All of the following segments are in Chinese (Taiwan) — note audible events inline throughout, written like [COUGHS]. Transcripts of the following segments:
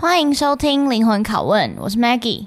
歡迎收聽《靈魂拷問》，我是 Maggie。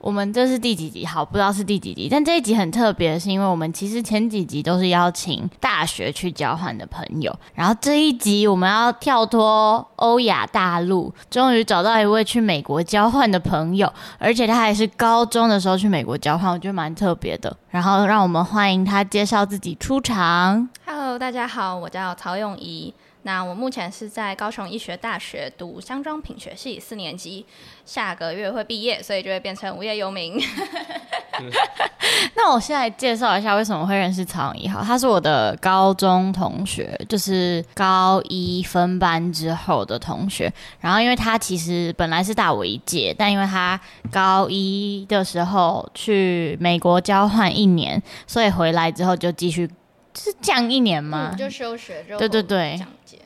我們這是第幾集？好，不知道是第幾集，但這一集很特別，是因為我們其實前幾集都是邀請大學去交換的朋友，然後這一集我們要跳脫歐亞大陸，終於找到一位去美國交換的朋友，而且他還是高中的時候去美國交換，我覺得蠻特別的。然後讓我們歡迎他介紹自己出場。Hello，大家好，我叫曹詠沂。那我目前是在高雄醫學大學讀香粧品學系四年級，下個月會畢業，所以就會變成無業游民。 [LAUGHS] 嗯、 [LAUGHS] 那我現在介紹一下為什麼會認識曹詠沂哈，他是我的高中同學，就是高一分班之後的同學。然後因為他其實本來是大我一屆，但因為他高一的時候去美國交換一年，所以回來之後就繼續、就是降一年嗎？嗯、就休學就，對對對。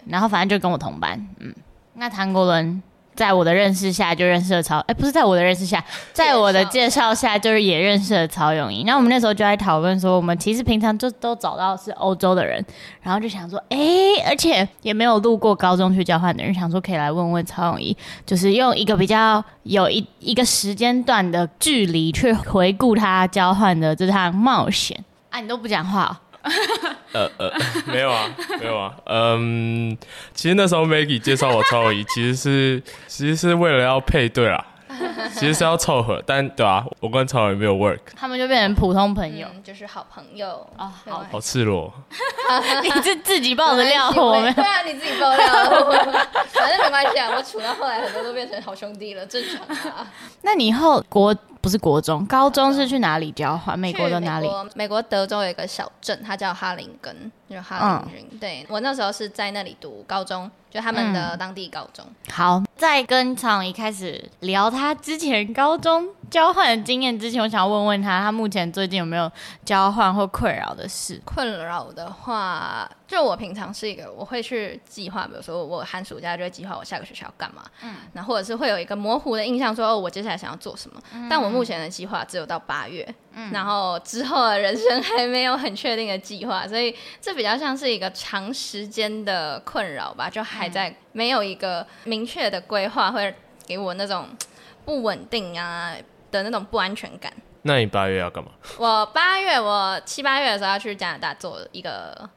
然後反正就跟我同班，嗯，那唐國倫在我的認識下就認識了曹，哎、欸，不是在我的認識下，在我的介紹下就是也認識了曹詠沂。那 [MUSIC] 我們那時候就在討論說，我們其實平常就都找到是歐洲的人，然後就想說，哎、欸，而且也沒有路過高中去交換的人，想說可以來問問曹詠沂，就是用一個比較有一一個時間段的距離去回顧他交換的這趟冒險。哎、啊，你都不講話、哦。 [LAUGHS] 呃呃，沒有啊，沒有啊，嗯，其實那時候 Maggie 介紹我超偉，其實是， [LAUGHS] 其實是，其實是為了要配對啊， [LAUGHS] 其實是要湊合，但，但對啊，我跟超偉沒有 work，他們就變成普通朋友，嗯、就是好朋友啊、哦，好好赤裸， [LAUGHS] 你自自己爆的料， [LAUGHS] 我們對啊，你自己爆的料我， [LAUGHS] 反正沒關係、啊，我處到後來很多都變成好兄弟了，正常啊， [LAUGHS] 那你以後國。不是國中，高中是去哪裡交換？美國的哪裡？美國德州有一個小鎮，它叫哈林根，就是、哈林根、嗯，對我那時候是在那裡讀高中，就他們的當地高中。嗯、好，在跟廠一開始聊他之前高中交換的經驗之前，我想問問他，他目前最近有沒有交換或困擾的事？困擾的話。就我平常是一個，我會去計劃，比如說我寒暑假就會計劃我下個學期要幹嘛，嗯，然後或者是會有一個模糊的印象說，說哦，我接下來想要做什麼，嗯，但我目前的計劃只有到八月，嗯，然後之後的人生還沒有很確定的計劃，所以這比較像是一個長時間的困擾吧，就還在沒有一個明確的規劃，會給我那種不穩定啊的那種不安全感。那你八月要幹嘛？我八月，我七八月的時候要去加拿大做一個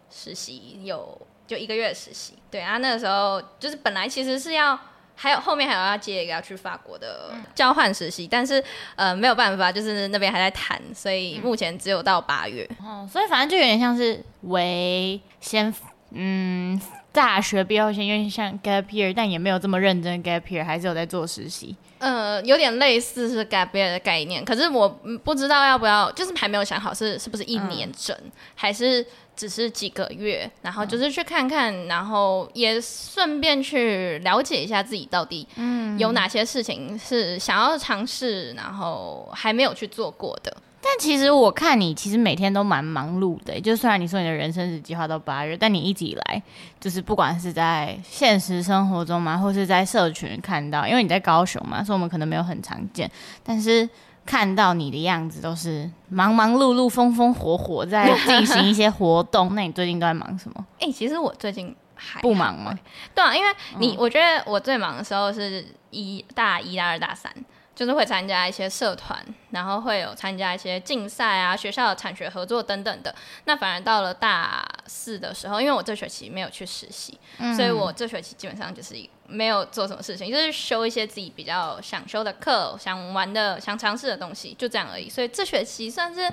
實習，有就一個月的實習。對啊，那個時候就是本來其實是要，還有後面還有要接一個要去法國的交換實習，但是呃沒有辦法，就是那邊還在談，所以目前只有到八月。嗯。哦，所以反正就有點像是為先，嗯，大學畢業後先有點像 gap year，但也沒有這麼認真 gap year，還是有在做實習。呃，有點類似是 gap year 的概念，可是我不知道要不要，就是還沒有想好是是不是一年整，嗯，還是只是幾個月，然後就是去看看，嗯、然後也順便去了解一下自己到底，嗯、有哪些事情是想要嘗試，然後還沒有去做過的。但其實我看你，其實每天都蠻忙碌的，欸。就雖然你說你的人生只計劃到八月，但你一直以來就是不管是在現實生活中嘛，或是在社群看到，因為你在高雄嘛，所以我們可能沒有很常見。但是看到你的樣子都是忙忙碌碌、風風火火，在進行一些活動。 [LAUGHS] 那你最近都在忙什麼？哎、欸，其實我最近還不忙嗎？對啊，因為你、嗯、我覺得我最忙的時候是一大一、大二、大三。就是會參加一些社團，然後會有參加一些競賽啊，學校的產學合作等等的。那反而到了大四的時候，因為我這學期沒有去實習，嗯，所以我這學期基本上就是沒有做什麼事情，就是修一些自己比較想修的課，想玩的，想嘗試的東西，就這樣而已。所以這學期算是。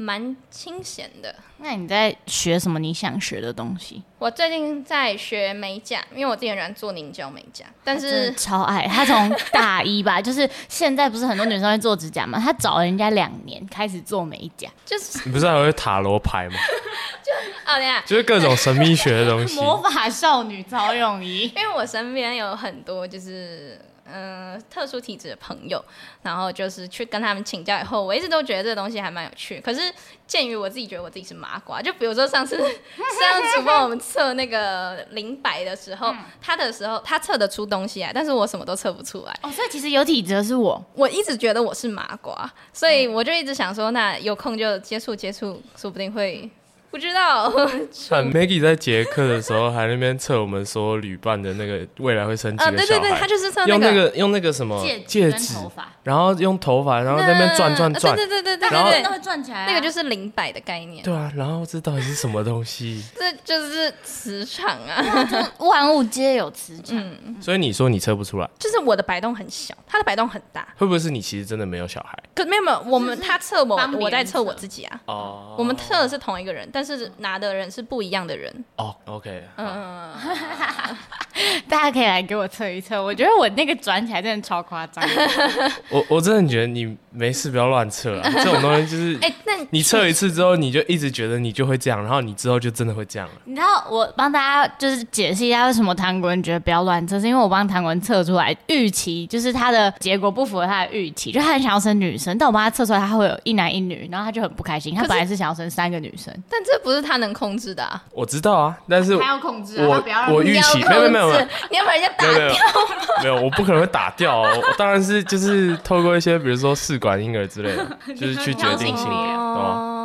蠻清閒的。那你在學什麼？你想學的東西？我最近在學美甲，因為我之前喜歡做凝膠美甲，但是他超愛。她從大一吧， [LAUGHS] 就是現在不是很多女生會做指甲嘛？她找了人家兩年開始做美甲，就是你不是還會塔羅牌嗎？ [LAUGHS] 就啊，啊、 [LAUGHS] 哦，就是各種神秘學的東西。 [LAUGHS] 魔法少女曹詠沂， [LAUGHS] 因為我身邊有很多就是。嗯、呃，特殊體質的朋友，然後就是去跟他們請教以後，我一直都覺得這東西還蠻有趣。可是鑑於我自己覺得我自己是麻瓜，就比如說上次 [LAUGHS] 上次幫我們測那個靈擺的時候，他、嗯、的時候他測得出東西啊，但是我什麼都測不出來。哦，所以其實有體質是我，我一直覺得我是麻瓜，所以我就一直想說，嗯、那有空就接觸接觸，說不定會。不知道、哦很啊。Maggie 在捷克的時候，還那邊測我們說有旅伴的那個未來會升級的。 [LAUGHS] 啊對對對，他就是、那個、用那個用那個什麼戒、戒指，然後用頭髮，然後在那邊轉轉轉，對對對，然後那會轉起來，那個就是靈擺的概念、啊。對啊，然後這到底是什麼東西？ [LAUGHS] 這就是磁場啊、 [LAUGHS] 哦就是，萬物皆有磁場。嗯、所以你說你測不出來，就是我的擺動很小，他的擺動很大。會不會是你其實真的沒有小孩？可沒有沒有，我們他測我，我在測我自己啊。哦，我們測的是同一個人，但是拿的人是不一樣的人。哦，OK，嗯。 [LAUGHS] [LAUGHS] 大家可以來給我測一測，我覺得我那個轉起來真的超誇張。 [LAUGHS] 我我真的覺得你沒事不要亂測啊，這種東西就是，哎、 [LAUGHS] 欸，那你測一次之後你就一直覺得你就會這樣，然後你之後就真的會這樣了。你知道我幫大家就是解釋一下為什麼唐國倫覺得不要亂測，是因為我幫唐國倫測出來預期就是他的結果不符合他的預期，就他很想要生女生，但我幫他測出來他會有一男一女，然後他就很不開心，他本來是想要生三個女生，但這不是他能控制的、啊。我知道啊，但是我他，控他要，我要控制，我我預期沒有沒有。不是，你要把人家打掉嗎？ [LAUGHS] 沒有，沒有，我不可能會打掉哦。我當然是就是透過一些比如說試管嬰兒之類的，就是去決定性，懂嗎？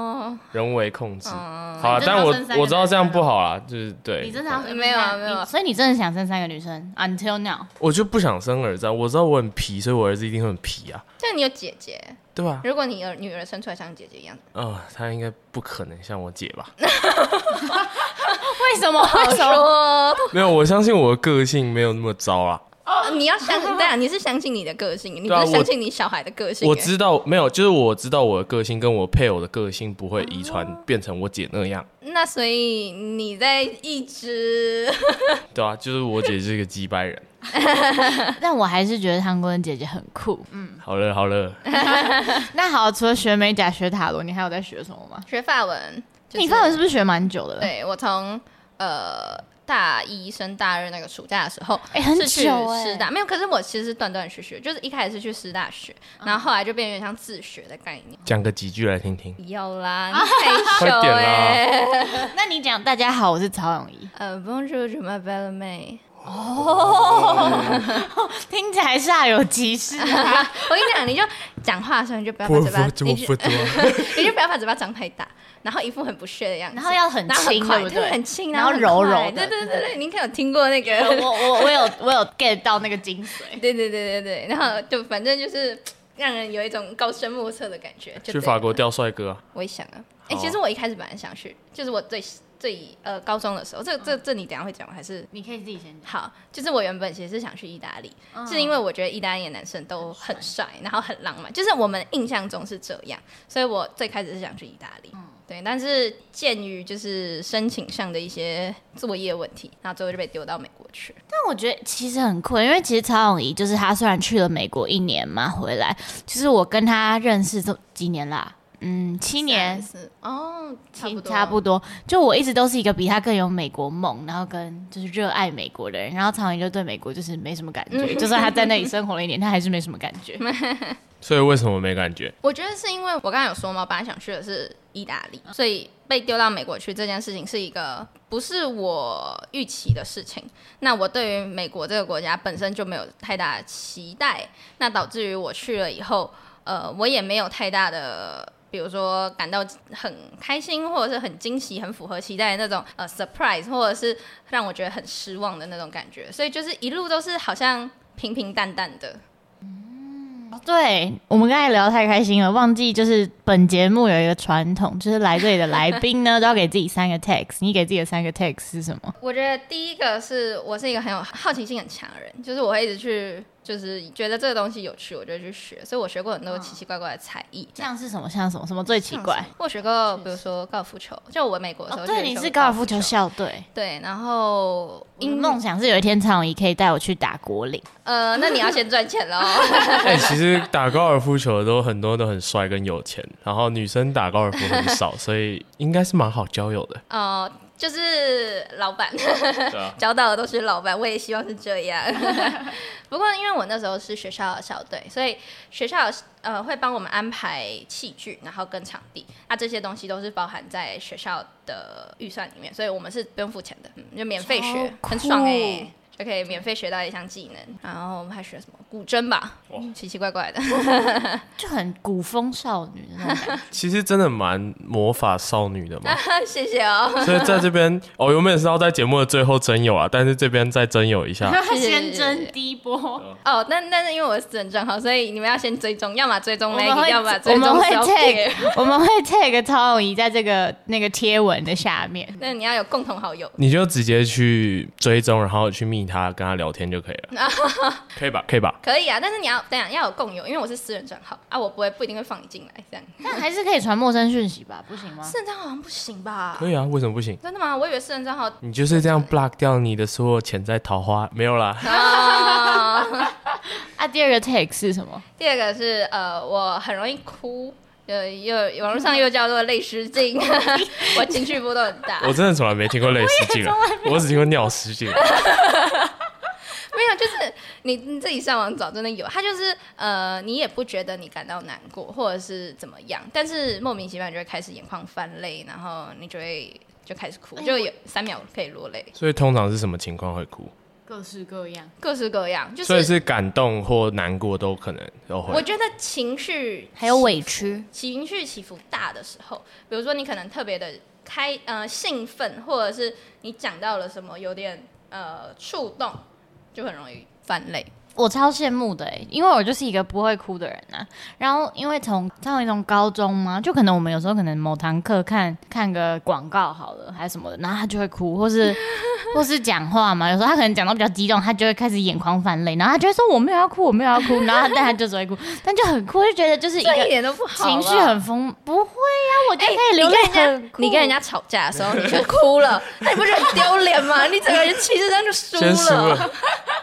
人為控制，嗯、好，但我我知道這樣不好啊，就是對。你真的沒有啊，沒有、啊。所以你真的想生三個女生？Until now，我就不想生兒子。我知道我很皮，所以我兒子一定很皮啊。但你有姐姐，對吧？如果你有女兒生出來像姐姐一樣，嗯、呃，她應該不可能像我姐吧？ [LAUGHS] [LAUGHS] 為什麼？為什麼，我說沒有，我相信我的個性沒有那麼糟啊。啊啊、你要相這樣，你是相信你的個性、啊，你不是相信你小孩的個性我。我知道沒有，就是我知道我的個性跟我配偶的個性不會遺傳變成我姐那樣、啊。那所以你在一直對啊，就是我姐，姐是一個機掰人。 [LAUGHS] [LAUGHS] [LAUGHS] [LAUGHS] 但我還是覺得國倫的姐姐很酷。嗯，好了好了 [LAUGHS] [LAUGHS] [LAUGHS] [LAUGHS] 那好，除了學美甲、學塔羅，你還有在學什麼嗎？學法文。就是、你法文是不是學蠻久的？對，我從呃。大一升大二那個暑假的時候，哎、欸，很久哎、欸，沒有。可是我其實是斷斷續續，就是一開始是去師大學、啊，然後後來就變成有點像自學的概念。講個幾句來聽聽。有啦，你害羞哎。那你講， [LAUGHS] 大家好，我是曹詠沂。呃、uh,，Bonjour, je m'appelle May。哦、oh，聽起來煞有其事啊 [LAUGHS] 啊。我跟你講，你就講話的時候你就不要把嘴巴，你就， [LAUGHS] 你就不要把嘴巴張太大，然後一副很不屑的樣子，然後要很輕，對，對很輕，然後柔柔的對對對對。您可有聽過那個？我我我，我有我有 get 到那個精髓。 [LAUGHS] 對對對對對，然後就反正就是讓人有一種高深莫測的感覺。去法國釣帥哥、啊？我也想啊。哎、啊欸，其實我一開始本來想去，就是我最。最呃，高中的時候，這這這你等下會講？還是你可以自己先講。好，就是我原本其實是想去意大利，嗯、是因為我覺得意大利的男生都很帥,很帥，然後很浪漫，就是我們印象中是這樣，所以我最開始是想去意大利。嗯，對。但是鑒於就是申請上的一些作業問題，然後最後就被丟到美國去。但我覺得其實很酷，因為其實曹詠沂就是他，雖然去了美國一年嘛，回來就是我跟他認識這幾年啦、啊。嗯，七年哦七，差不多，差不多。就我一直都是一個比他更有美國夢，然後跟就是熱愛美國的人。然後常常就對美國就是沒什麼感覺，嗯、就算他在那裡生活了一年， [LAUGHS] 他還是沒什麼感覺。 [LAUGHS] 所以為什麼沒感覺？我覺得是因為我剛才有說嘛，本來想去的是意大利，所以被丟到美國去這件事情是一個不是我預期的事情。那我對於美國這個國家本身就沒有太大的期待，那導致於我去了以後，呃，我也沒有太大的。比如說感到很開心，或者是很驚喜，很符合期待的那種呃 surprise，或者是讓我覺得很失望的那種感覺，所以就是一路都是好像平平淡淡的。嗯哦、對，我們剛才聊得太開心了，忘記就是本節目有一個傳統，就是來這裡的來賓呢 [LAUGHS] 都要給自己三個 text，你給自己的三個 text 是什麼？我覺得第一個是我是一個很有好奇心很強的人，就是我會一直去。就是覺得這個東西有趣，我就去學。所以我學過很多奇奇怪怪的才藝、哦。像是什麼？像什麼？什麼最奇怪？我學過，比如說高爾夫球是是。就我美國的時候、哦，對，你是高爾夫球校隊。對，然後因為夢想是有一天曹詠沂可以帶我去打果嶺、嗯。呃，那你要先賺錢嘍。哎、 [LAUGHS] [LAUGHS] 欸，其實打高爾夫球的都很多都很帥跟有錢，然後女生打高爾夫很少，所以應該是蠻好交友的。哦、呃。就是老闆，交、oh, yeah. [LAUGHS] 到的都是老闆。我也希望是這樣。 [LAUGHS] 不過因為我那時候是學校的校隊，所以學校呃會幫我們安排器具，然後跟場地，那、啊、這些東西都是包含在學校的預算裡面，所以我們是不用付錢的，嗯，就免費學，哦、很爽哎、欸。就可以免費學到一項技能，然後我們還學什麼古箏吧，奇奇怪怪的，就很古風少女。 [LAUGHS] 其實真的蠻魔法少女的嘛、啊，謝謝哦。所以在這邊 [LAUGHS] 哦，有沒有知道在節目的最後徵友啊？但是這邊再徵友一下，先徵第一波哦。那但是因為我是私人帳號，所以你們要先追蹤，要麼追蹤 Maggie，要麼我，我們會 take，我們會 take 在這個那個貼文的下面。那你要有共同好友，你就直接去追蹤，然後去密。他跟他聊天就可以了， [LAUGHS] 可以吧？可以吧？ [LAUGHS] 可以啊，但是你要等一下，要有共有，因為我是私人賬號啊，我不會不一定會放你進來這樣，但還是可以傳陌生訊息吧？ [LAUGHS] 不行嗎？私人賬號好像不行吧？可以啊，為什麼不行？真的嗎？我以為私人賬號你就是這樣 block 掉你的所有潛在桃花，沒有啦。啊、 [LAUGHS] oh。 [LAUGHS] 啊，第二個 take 是什麼？第二個是呃，我很容易哭。呃，又網絡上又叫做淚失禁。 [LAUGHS] 我情緒波動很大。我真的從來沒聽過淚失禁。我，我只聽過尿失禁。 [LAUGHS] [LAUGHS] [LAUGHS] 沒有，就是你你自己上網找，真的有。它就是呃，你也不覺得你感到難過或者是怎麼樣，但是莫名其妙就會開始眼眶泛淚，然後你就會就開始哭，就有三秒可以落淚。欸、所以通常是什麼情況會哭？各式各樣，各式各樣、就是，所以是感動或難過都可能都會？我覺得情緒還有委屈，情緒起伏大的時候，比如說你可能特別的開呃興奮，或者是你講到了什麼有點呃觸動，就很容易犯累。我超羨慕的、欸、因為我就是一個不會哭的人吶、啊。然後因為從上一種高中嘛，就可能我們有時候可能某堂課看看個廣告好了，還是什麼的，然後他就會哭，或是 [LAUGHS] 或是講話嘛，有時候他可能講到比較激動，他就會開始眼眶泛淚，然後他就會說我沒有要哭，我沒有要哭， [LAUGHS] 然後但他就只會哭，但就很哭，就覺得就是一個一點都不好，情緒很瘋。不會呀、啊，我就可以、欸、流淚你跟人家你跟人家， [LAUGHS] 你跟人家吵架的時候你就哭了，那 [LAUGHS] 你不是很丟臉嗎？你整個人氣勢上就輸了。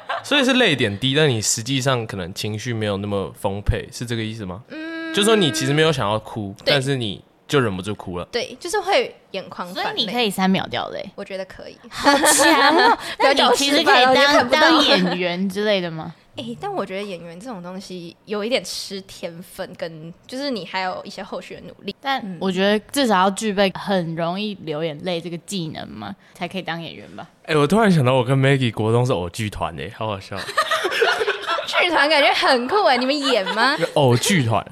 [LAUGHS] 所以是淚點低，但你實際上可能情緒沒有那麼豐沛，是這個意思嗎？嗯，就是說你其實沒有想要哭，但是你就忍不住哭了。對，就是會眼眶。所以你可以三秒掉淚、欸，我覺得可以，好強、喔。 [LAUGHS] 那你其實可以當當演員之類的嗎？ [LAUGHS] [LAUGHS] 哎、欸，但我覺得演員這種東西有一點吃天分，跟就是你還有一些後續的努力。但我覺得至少要具備很容易流眼淚這個技能嘛，才可以當演員吧。哎、欸，我突然想到，我跟 Maggie 國中是偶劇團誒，好好笑。 [LAUGHS] 劇團感覺很酷哎， [LAUGHS] 你們演嗎？偶劇團，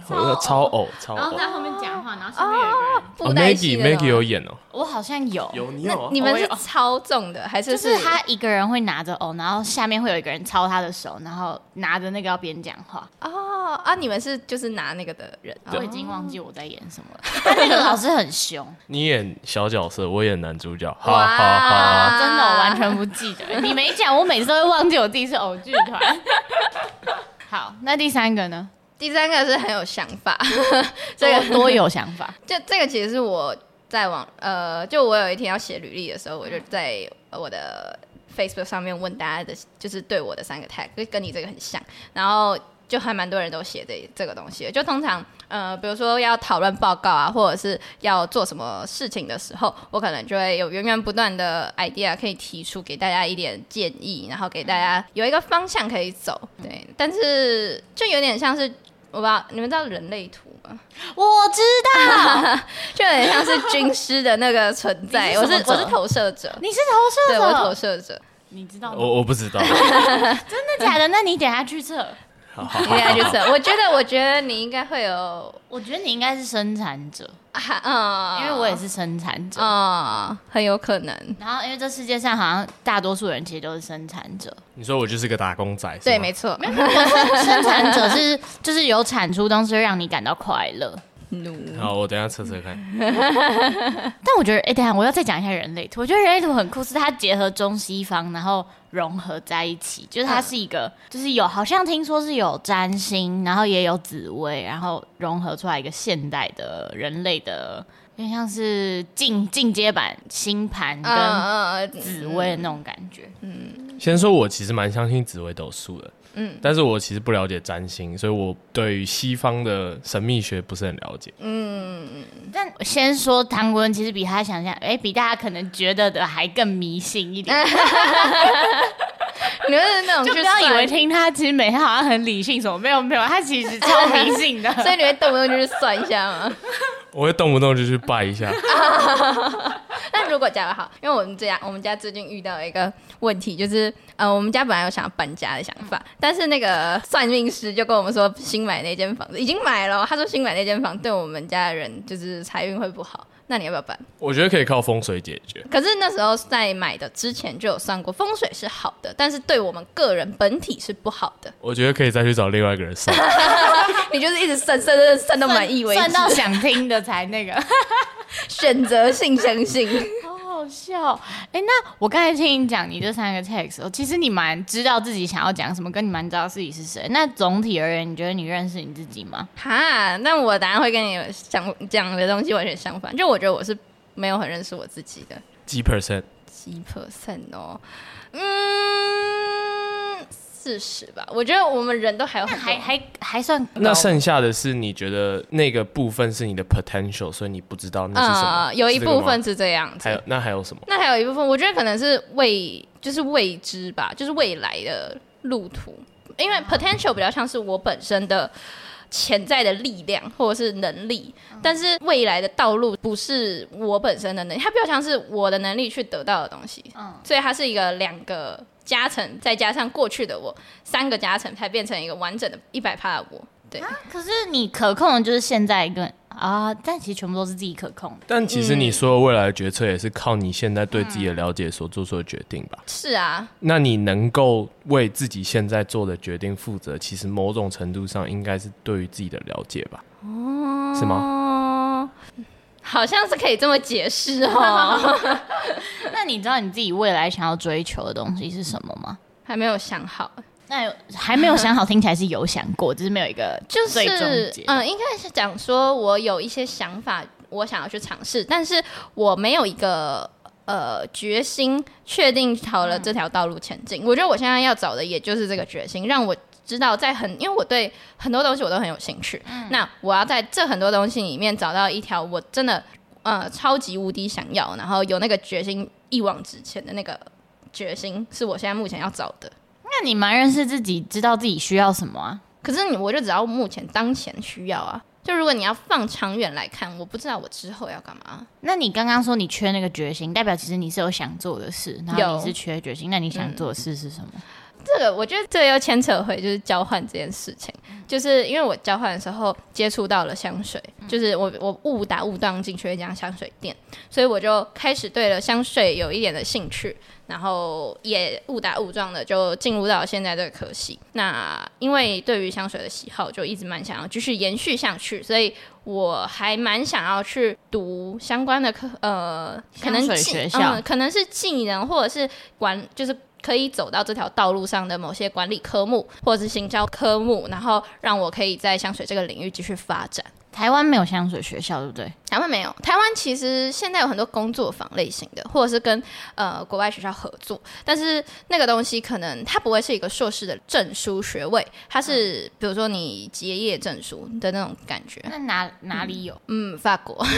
超偶，超偶，然後在後面講話，然後下面有人。哦，Maggie，Maggie、哦、Maggie 有演哦。我好像有，有你有、啊。你們是超重的、哦、還是？就是他一個人會拿着偶，然後下面會有一個人操他的手，然後拿着那個要別人講話。哦，啊，你們是就是拿那個的人。嗯、我已經忘記我在演什麼了。啊、那個老師很凶。 [LAUGHS] 你演小角色，我演男主角。哈,哈，真的，我完全不記得。 [LAUGHS] [LAUGHS] 你沒講，我每次都會忘記我自己是偶劇團。 [LAUGHS] [LAUGHS] 好，那第三個呢？第三個是很有想法， [LAUGHS] 這個多有想法。 [LAUGHS] 就這個其實是我在網呃，就我有一天要寫履歷的時候，我就在我的 Facebook 上面問大家的，就是對我的三個 tag，跟跟你這個很像。然後就還蠻多人都寫這這個東西的，就通常。呃，比如說要討論報告啊，或者是要做什麼事情的時候，我可能就會有源源不斷的 idea 可以提出，給大家一點建議，然後給大家有一個方向可以走。嗯、對，但是就有點像是，我不知道你們知道人類圖嗎？我知道， [LAUGHS] 就有點像是軍師的那個存在。 [LAUGHS] 是我是我是投射者，你是投射者，對，我是投射者。你知道嗎？我我不知道， [LAUGHS] 真的假的？那你等下去測。應該就是， [LAUGHS] 我覺得，我覺得你應該會有，我覺得你應該是生產者，嗯，因為我也是生產者啊，很有可能。然後，因為這世界上好像大多數人其實都是生產者。你說我就是個打工仔，對，沒錯。沒有，生產者是就是有產出，當時會讓你感到快樂。好，我等一下測測看。但我覺得，哎、欸，等一下我要再講一下人類圖。我覺得人類圖很酷，是它結合中西方，然後融合在一起。就是它是一個，嗯、就是有好像聽說是有占星，然後也有紫微，然後融合出來一個現代的人類的，有點像是進進階版星盤跟紫微的那種感覺。嗯，嗯，先說我其實蠻相信紫微斗數的。嗯，但是我其實不了解占星，所以我對於西方的神秘學不是很了解。嗯，但先說唐國人其實比他想象，哎、欸，比大家可能覺得的還更迷信一點。 [LAUGHS] [LAUGHS] 你們是那種，就不要以為聽他，其實每天好像很理性什麼，沒有沒有，他其實超迷信的， [LAUGHS] [LAUGHS] 所以你會動不動就是算一下嗎？我會動不動就去拜一下。 [LAUGHS] [LAUGHS] [LAUGHS] 但如果假得好，因為我們這樣，我們家最近遇到一個問題，就是呃，我們家本來有想要搬家的想法，但是那個算命師就跟我們說，新買那間房子已經買了，他說新買那間房子對我們家的人就是財運會不好。那你要不要辦？我覺得可以靠風水解決。可是那時候在買的之前就有算過，風水是好的，但是對我們個人本體是不好的。我覺得可以再去找另外一個人算。 [LAUGHS] [LAUGHS] 你就是一直算 [LAUGHS] 算算算到滿意為止算，算到想聽的才那個 [LAUGHS] 選擇性相信。 [LAUGHS] [LAUGHS] 好笑、喔，哎、欸，那我剛才聽你講你這三個 text，其實你蠻知道自己想要講什麼，跟你蠻知道自己是誰。那總體而言，你覺得你認識你自己嗎？哈、啊，那我答案會跟你想講的東西完全相反，就我覺得我是沒有很認識我自己的，幾 percent，幾 percent 哦、喔，嗯。四十吧，我覺得我們人都還有還還還算高。那剩下的是你覺得那個部分是你的 potential，所以你不知道那是什麼？嗯，有一部分是這樣子。還有，那還有什麼？那還有一部分，我覺得可能是未，就是未知吧，就是未來的路途。因為 potential 比較像是我本身的潛在的力量或者是能力，嗯，但是未來的道路不是我本身的能力，它比較像是我的能力去得到的東西。嗯，所以它是一個兩個。加成，再加上過去的我，三個加成才變成一個完整的、一百趴的我。對、啊，可是你可控的就是現在一個啊，但其實全部都是自己可控的。但其實你說的未來的決策也是靠你現在對自己的了解所做出的決定吧？是、嗯、啊，那你能夠為自己現在做的決定負責，其實某種程度上應該是對於自己的了解吧？哦、嗯，是嗎？嗯好像是可以這麼解釋哦。那你知道你自己未來想要追求的東西是什麼嗎？還沒有想好。那還沒有想好，聽起來是有想過， [LAUGHS] 只是沒有一個最終的就是嗯、呃，應該是講說我有一些想法，我想要去嘗試，但是我沒有一個呃決心，確定好了這條道路前進。嗯、我覺得我現在要找的也就是這個決心，讓我，知道在很，因為我對很多東西我都很有興趣。嗯，那我要在這很多東西裡面找到一條我真的呃超級無敵想要，然後有那個決心一往直前的那個決心，是我現在目前要找的。那你蠻認識自己，知道自己需要什麼啊？可是你，我就只要目前當前需要啊。就如果你要放長遠來看，我不知道我之後要幹嘛。那你剛剛說你缺那個決心，代表其實你是有想做的事，然後你是缺決心。那你想做的事是什麼？嗯這個我覺得這個要牽扯回就是交換這件事情，就是因為我交換的時候接觸到了香水，就是我我誤打誤撞進去一家香水店，所以我就開始對了香水有一點的興趣，然後也誤打誤撞的就進入到現在這個科系。那因為對於香水的喜好就一直蠻想要繼續延續下去，所以我還蠻想要去讀相關的課，呃，香水學校、嗯，可能是進人或者是管就是。可以走到這條道路上的某些管理科目，或者是行銷科目，然後讓我可以在香水這個領域繼續發展。台灣沒有香水學校，對不對？台灣沒有。台灣其實現在有很多工作坊類型的，或者是跟呃國外學校合作，但是那個東西可能它不會是一個碩士的證書學位，它是比如說你結業證書的那種感覺。嗯，那哪，哪裡有？嗯，法國。 [LAUGHS]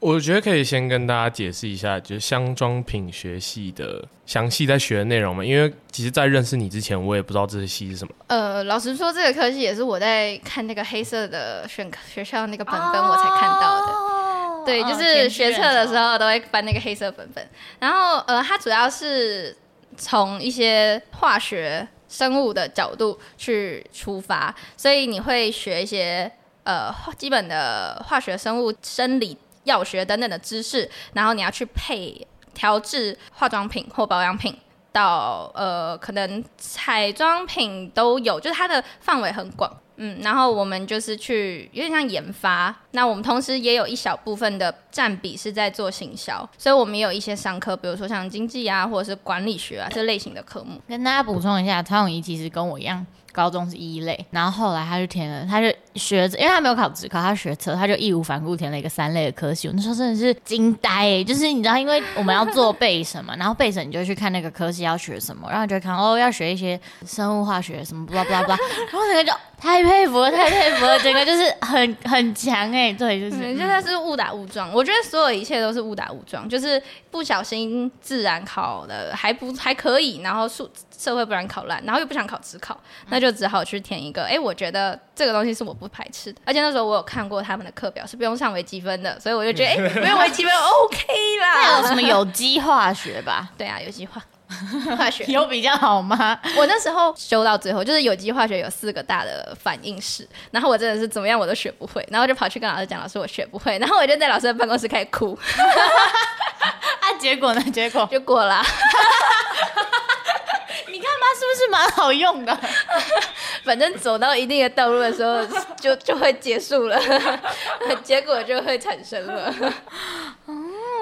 我覺得可以先跟大家解釋一下，就是香粧品學系的詳細在學的內容嘛。因為其實，在認識你之前，我也不知道這個系是什麼。呃，老實說，這個科系也是我在看那個黑色的選學校那個本本，我才看到的。哦、對，就是學測的時候都會翻那個黑色本本。哦、然後，呃，它主要是從一些化學、生物的角度去出發，所以你會學一些呃基本的化學生物、生理。藥學等等的知識，然後你要去配調製化妝品或保養品，到呃可能彩妝品都有，就是它的範圍很廣，嗯，然後我們就是去有點像研發，那我們同時也有一小部分的佔比是在做行銷，所以我們也有一些商科，比如說像經濟啊或者是管理學啊這類型的科目。跟大家補充一下，曹詠沂其實跟我一樣。高中是一類，然後後來他就填了，他就學，因為他沒有考指考，他學測，他就義無反顧填了一個三類的科系。我那時候真的是驚呆、欸，就是你知道，因為我們要做備審嘛， [LAUGHS] 然後備審你就去看那個科系要學什麼，然後就看哦要學一些生物化學什麼，blah blah blah，然後整個就太佩服了，太佩服了，整個就是很很強哎、欸，對，就是真的、嗯嗯、是誤打誤撞，我覺得所有一切都是誤打誤撞，就是不小心自然考的還不還可以，然後數社會不然考爛，然後又不想考指考，那就只好去填一個。哎，我覺得這個東西是我不排斥的，而且那時候我有看過他們的課表，是不用上微積分的，所以我就覺得，哎，不用微積分 OK 啦。 [LAUGHS] 那有什麼有機化學吧？對啊，有機化化學 [LAUGHS] 有比較好嗎？我那時候修到最後，就是有機化學有四個大的反應式，然後我真的是怎麼樣我都學不會，然後就跑去跟老師講，老師我學不會，然後我就在老師的辦公室開始哭。那、 [LAUGHS] [LAUGHS] 啊、結果呢？結果就過啦。 [LAUGHS] 你看它是不是蠻好用的？ [LAUGHS] 反正走到一定的道路的時候就，就就會結束了， [LAUGHS] 結果就會產生了。 [LAUGHS]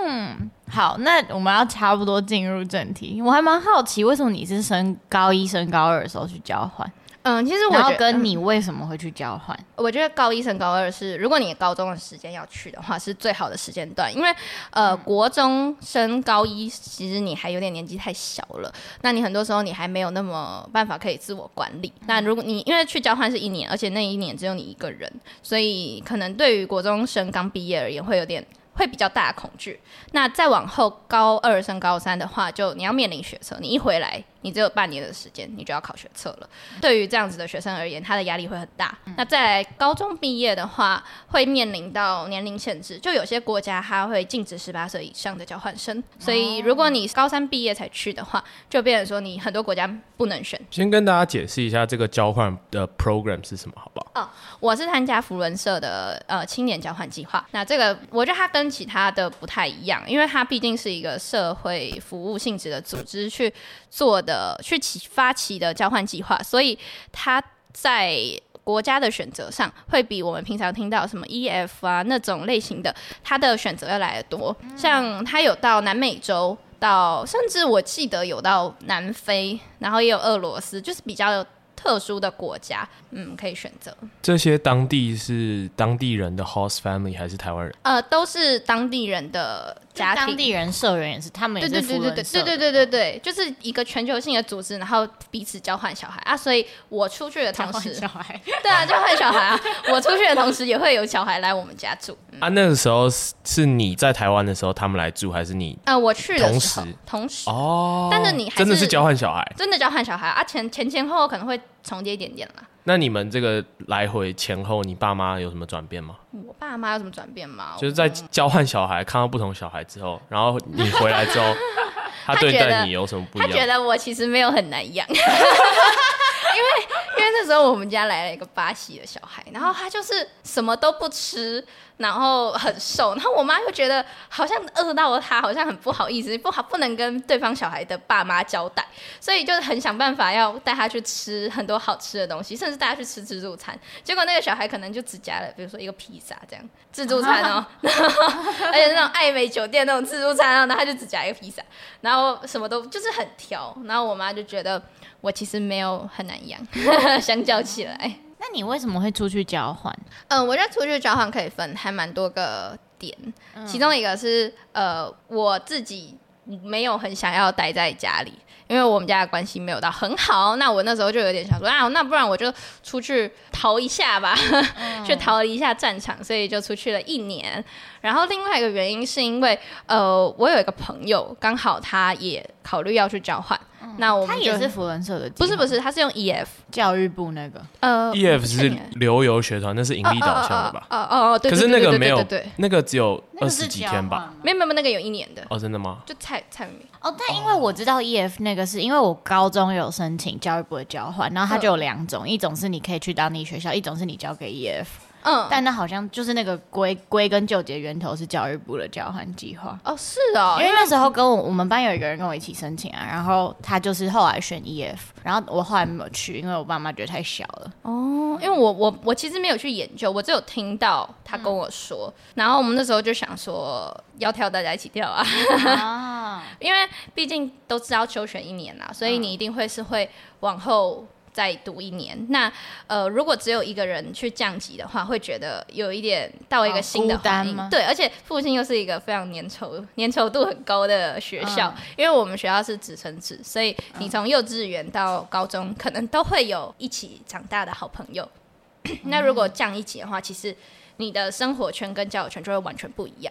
嗯，好，那我們要差不多進入正題。我還蠻好奇，為什麼你是升高一、升高二的時候去交換？嗯，其實我要跟你為什麼會去交換，嗯？我覺得高一升高二是，如果你高中的時間要去的話，是最好的時間段。因為呃、嗯，國中升高一，其實你還有點年紀太小了，那你很多時候你還沒有那麼辦法可以自我管理。嗯、那如果你因為去交換是一年，而且那一年只有你一個人，所以可能對於國中生剛畢業而言，會有點會比較大的恐懼。那再往後高二升高三的話，就你要面臨學測，你一回來。你只有半年的時間，你就要考學測了。對於這樣子的學生而言，他的壓力會很大。那在高中畢業的話，會面臨到年齡限制，就有些國家他會禁止十八歲以上的交換生。所以，如果你高三畢業才去的話，就變成說你很多國家不能選。先跟大家解釋一下這個交換的 program 是什麼，好不好？哦，我是參加扶輪社的呃、青年交換計劃。那這個我覺得它跟其他的不太一樣，因為它畢竟是一個社會服務性質的組織去做的。呃，去起發起的交換計劃，所以他在國家的選擇上，會比我們平常聽到什麼 EF 啊那種類型的，他的選擇要來得多。像他有到南美洲，到甚至我記得有到南非，然後也有俄羅斯，就是比較特殊的國家，嗯，可以選擇。這些當地是當地人的 host family 還是台灣人？呃，都是當地人的。家庭，當地人社員也是，他們也是。對對對對對對，對，對，對，對，對，對，就是一個全球性的組織，然後彼此交換小孩啊。所以我出去的同時，交換小孩，對啊， [LAUGHS] 交換小孩啊。 [LAUGHS] 我出去的同時，也會有小孩來我們家住啊、嗯、啊。那個時候是是你在台灣的時候，他們來住還是你？啊、呃，我去的時候同時，同時哦。但是你還是真的是交換小孩，真的交換小孩啊！啊前，前前前後後可能會。重疊一點點了。那你們這個來回前後，你爸媽有什麼轉變嗎？我爸媽有什麼轉變嗎？就是在交換小孩，看到不同小孩之後，然後你回來之後， [LAUGHS] 他對待你有什麼不一樣他？他覺得我其實沒有很難養。 [LAUGHS] 因為因為那時候我們家來了一個巴西的小孩，然後他就是什麼都不吃，然後很瘦，然後我媽就覺得好像餓到了他，好像很不好意思，不好不能跟對方小孩的爸媽交代，所以就很想辦法要帶他去吃很多好吃的東西，甚至帶他去吃自助餐。結果那個小孩可能就只夾了，比如說一個披薩這樣，自助餐哦、uh -huh.，而且那種曖昧酒店那種自助餐然，然後他就只夾一個披薩，然後什麼都就是很挑，然後我媽就覺得。我其實沒有很難養，Oh.， [LAUGHS] 相較起來，那你為什麼會出去交換？嗯，我覺得出去交換可以分還蠻多個點，嗯，其中一個是呃，我自己沒有很想要待在家裡，因為我們家的關係沒有到很好，那我那時候就有點想說啊，那不然我就出去逃一下吧， [LAUGHS] 去逃離一下戰場，所以就出去了一年。然後另外一個原因是因為，呃，我有一個朋友，剛好他也考慮要去交換，嗯、那我們他也是扶輪社的，不是不是，他是用 EF 教育部那個，呃，EF 是留遊學團，那是盈利導向的吧？哦哦哦，可是那個沒有，那個只有二十幾天吧？沒有沒有，那個有一年的哦，真的嗎？就蔡明。哦，但因為我知道 EF 那個是因為我高中有申請教育部的交換，然後它就有兩種，嗯、一種是你可以去當地學校，一種是你交給 EF。嗯，但那好像就是那個歸歸根究結源頭是教育部的交換計劃哦，是哦，因為那時候跟我我們班有一個人跟我一起申請啊，然後他就是後來選 EF，然後我後來沒有去，因為我爸媽覺得太小了哦，因為我我我其實沒有去研究，我只有聽到他跟我說，嗯、然後我們那時候就想說要跳大家一起跳啊，嗯、啊 [LAUGHS] 因為畢竟都是要休學一年了，啊，所以你一定會是會往後。再讀一年，那呃，如果只有一個人去降級的話，會覺得有一點到一個新的環境，啊、對，而且復興，又是一個非常粘稠、粘稠度很高的學校，嗯，因為我們學校是直升制，所以你從幼稚園到高中，嗯，可能都會有一起長大的好朋友。 [COUGHS] 那如果降一級的話，嗯、其實。你的生活圈跟交友圈就會完全不一樣。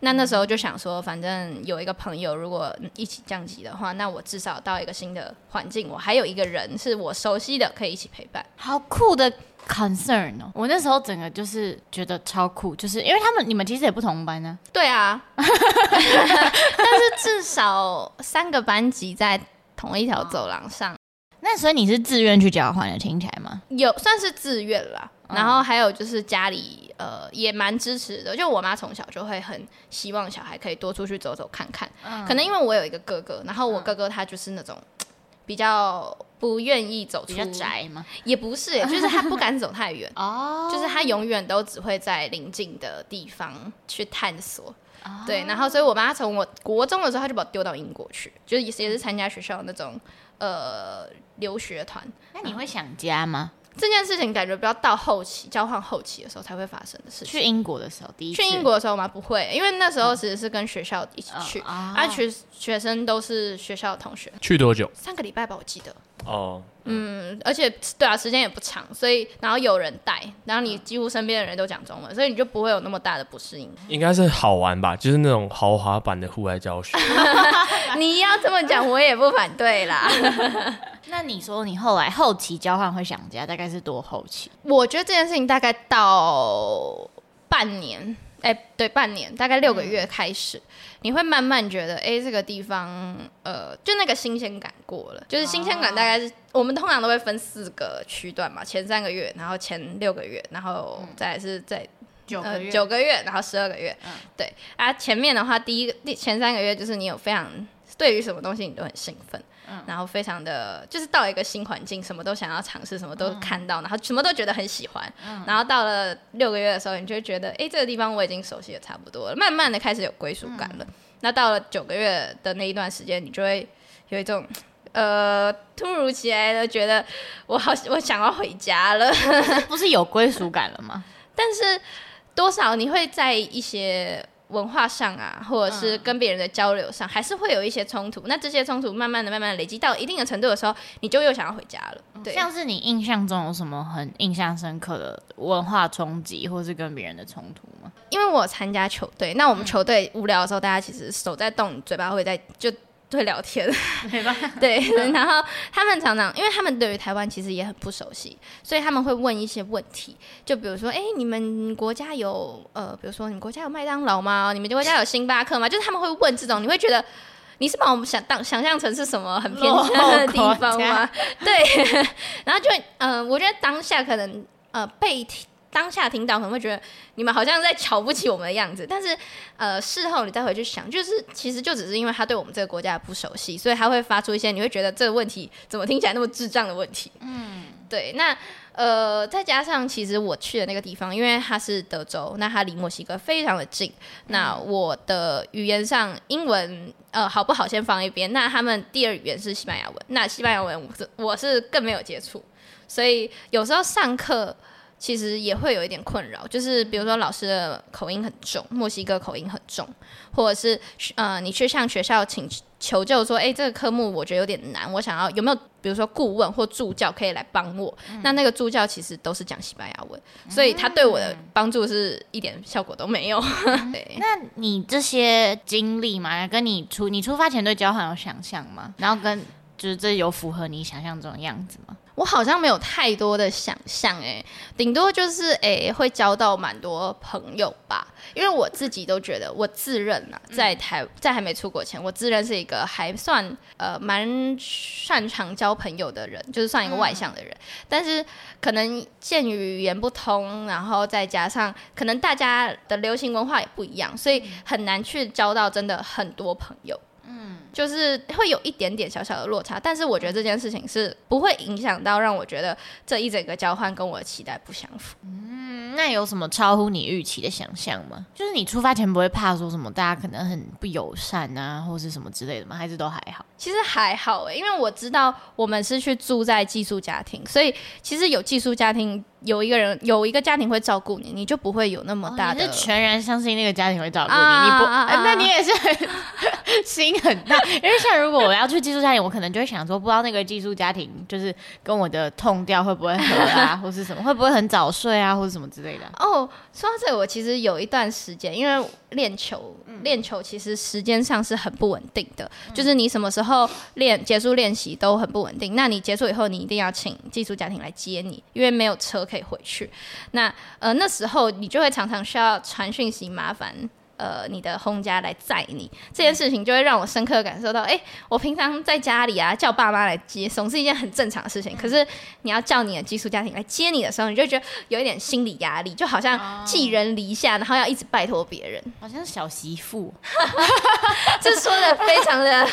那那時候就想說，反正有一個朋友如果一起降級的話，那我至少到一個新的環境，我還有一個人是我熟悉的，可以一起陪伴。好酷的 concern 哦！我那時候整個就是覺得超酷，就是因為他們你們其實也不同班呢、啊。對啊， [LAUGHS] [LAUGHS] 但是至少三個班級在同一條走廊上。哦、那所以你是自願去交換的，聽起來嗎？有算是自願啦，然後還有就是家裡，呃，也蠻支持的。就我媽從小就會很希望小孩可以多出去走走看看。嗯，可能因為我有一個哥哥，然後我哥哥他就是那種、嗯、比較不願意走出宅嗎？也不是，就是他不敢走太遠。哦， [LAUGHS] 就是他永遠都只會在鄰近的地方去探索、哦。對，然後所以我媽從我國中的時候，他就把我丟到英國去，就是也是參加學校那種呃留學團。那你會想家嗎？嗯這件事情感覺不要到後期交換後期的時候才會發生的事情。去英國的時候，第一次去英國的時候嗎？不會，因為那時候其實是跟學校一起去，嗯哦、啊，且學、學生都是學校的同學。去多久？三個禮拜吧，我記得。哦。嗯，而且對啊，時間也不長，所以然後有人帶，然後你幾乎身邊的人都講中文、嗯，所以你就不會有那麼大的不適應。應該是好玩吧，就是那種豪華版的戶外教學。 [LAUGHS] [LAUGHS] 你要這麼講，我也不反對啦。 [LAUGHS] 那你說你後來後期交換會想家，大概是多後期？我覺得這件事情大概到半年，哎、欸，對，半年，大概六個月開始，嗯、你會慢慢覺得，哎、欸，這個地方，呃，就那個新鮮感過了，就是新鮮感大概是，哦，我們通常都會分四個區段嘛，前三個月，然後前六個月，然後再是在、嗯呃、九個月，九個月，然後十二個月，嗯、對啊，前面的話，第一個第前三個月就是你有非常對於什麼東西你都很興奮。嗯、然後非常的，就是到一個新環境，什麼都想要嘗試，什麼都看到，嗯，然後什麼都覺得很喜歡，嗯。然後到了六個月的時候，你就會覺得，哎、欸，這個地方我已經熟悉的差不多了，慢慢的開始有歸屬感了、嗯。那到了九個月的那一段時間，你就會有一種，呃，突如其來的覺得，我好，我想要回家了。不是有歸屬感了嗎？ [LAUGHS] 但是多少你會在一些。文化上啊，或者是跟別人的交流上、嗯，還是會有一些衝突。那這些衝突慢慢的、慢慢的累積到一定的程度的時候，你就又想要回家了。對，像是你印象中有什麼很印象深刻的文化衝擊，或是跟別人的衝突嗎？因為我有參加球隊，那我們球隊無聊的時候，大家其實手在動，嘴巴會在就。會聊天，對吧？對，然後他們常常，因為他們對於台灣其實也很不熟悉，所以他們會問一些問題，就比如說，哎、欸，你們國家有呃，比如說你們國家有麥當勞嗎？你們國家有星巴克嗎？ [LAUGHS] 就是他們會問這種，你會覺得你是把我們想當想象成是什麼很偏的地方嗎？對，然後就嗯、呃，我覺得當下可能呃被。當下聽到可能會覺得你們好像在瞧不起我們的樣子，但是呃，事後你再回去想，就是其實就只是因為他對我們這個國家不熟悉，所以他會發出一些你會覺得這個問題怎麼聽起來那麼智障的問題。嗯，對。那呃，再加上其實我去的那個地方，因為它是德州，那它離墨西哥非常的近。那我的語言上英文呃好不好先放一邊，那他們第二語言是西班牙文，那西班牙文我是我是更沒有接觸，所以有時候上課。其實也會有一點困擾，就是比如說老師的口音很重，墨西哥口音很重，或者是呃，你去向學校請求救說，哎、欸，這個科目我覺得有點難，我想要有沒有比如說顧問或助教可以來幫我、嗯？那那個助教其實都是講西班牙文、嗯，所以他對我的幫助是一點效果都沒有。嗯、 [LAUGHS] 對。那你這些經歷嘛，跟你出你出發前對交換有想象嗎？然後跟就是這有符合你想象中的樣子嗎？我好像沒有太多的想象，欸，哎，頂多就是哎、欸、會交到蠻多朋友吧，因為我自己都覺得，我自認啊，在台在還沒出國前、嗯，我自認是一個還算呃蠻擅長交朋友的人，就是算一個外向的人，嗯，但是可能鑑於語言不通，然後再加上可能大家的流行文化也不一樣，所以很難去交到真的很多朋友。嗯。就是會有一點點小小的落差，但是我覺得這件事情是不會影響到讓我覺得這一整個交換跟我的期待不相符。嗯，那有什麼超乎你預期的想象嗎？就是你出發前不會怕說什麼大家可能很不友善啊，或是什麼之類的嗎？還是都還好？其實還好哎、欸，因為我知道我們是去住在寄宿家庭，所以其實有寄宿家庭，有一個人、有一個家庭會照顧你，你就不會有那麼大的。哦、你是全然相信那個家庭會照顧你、啊，你不、啊啊欸？那你也是很 [LAUGHS] [LAUGHS] 心很大。 [LAUGHS] 因為像如果我要去寄宿家庭，我可能就會想說，不知道那個寄宿家庭就是跟我的痛調會不會合啊， [LAUGHS] 或是什麼，會不會很早睡啊，或是什麼之類的。哦，說到這裡，我其實有一段時間，因為練球，練、嗯、球其實時間上是很不穩定的、嗯，就是你什麼時候練結束練習都很不穩定。那你結束以後，你一定要請寄宿家庭來接你，因為沒有車可以回去。那呃那時候你就會常常需要傳訊息麻，麻煩。呃，你的轟家來載你這件事情，就會讓我深刻感受到，哎、嗯欸，我平常在家裡啊叫爸媽來接送，總是一件很正常的事情。嗯、可是你要叫你的寄宿家庭來接你的時候，你就覺得有一點心理壓力，就好像寄人籬下，然後要一直拜託別人，好、嗯、像 [LAUGHS] 是小媳婦。這說的非常的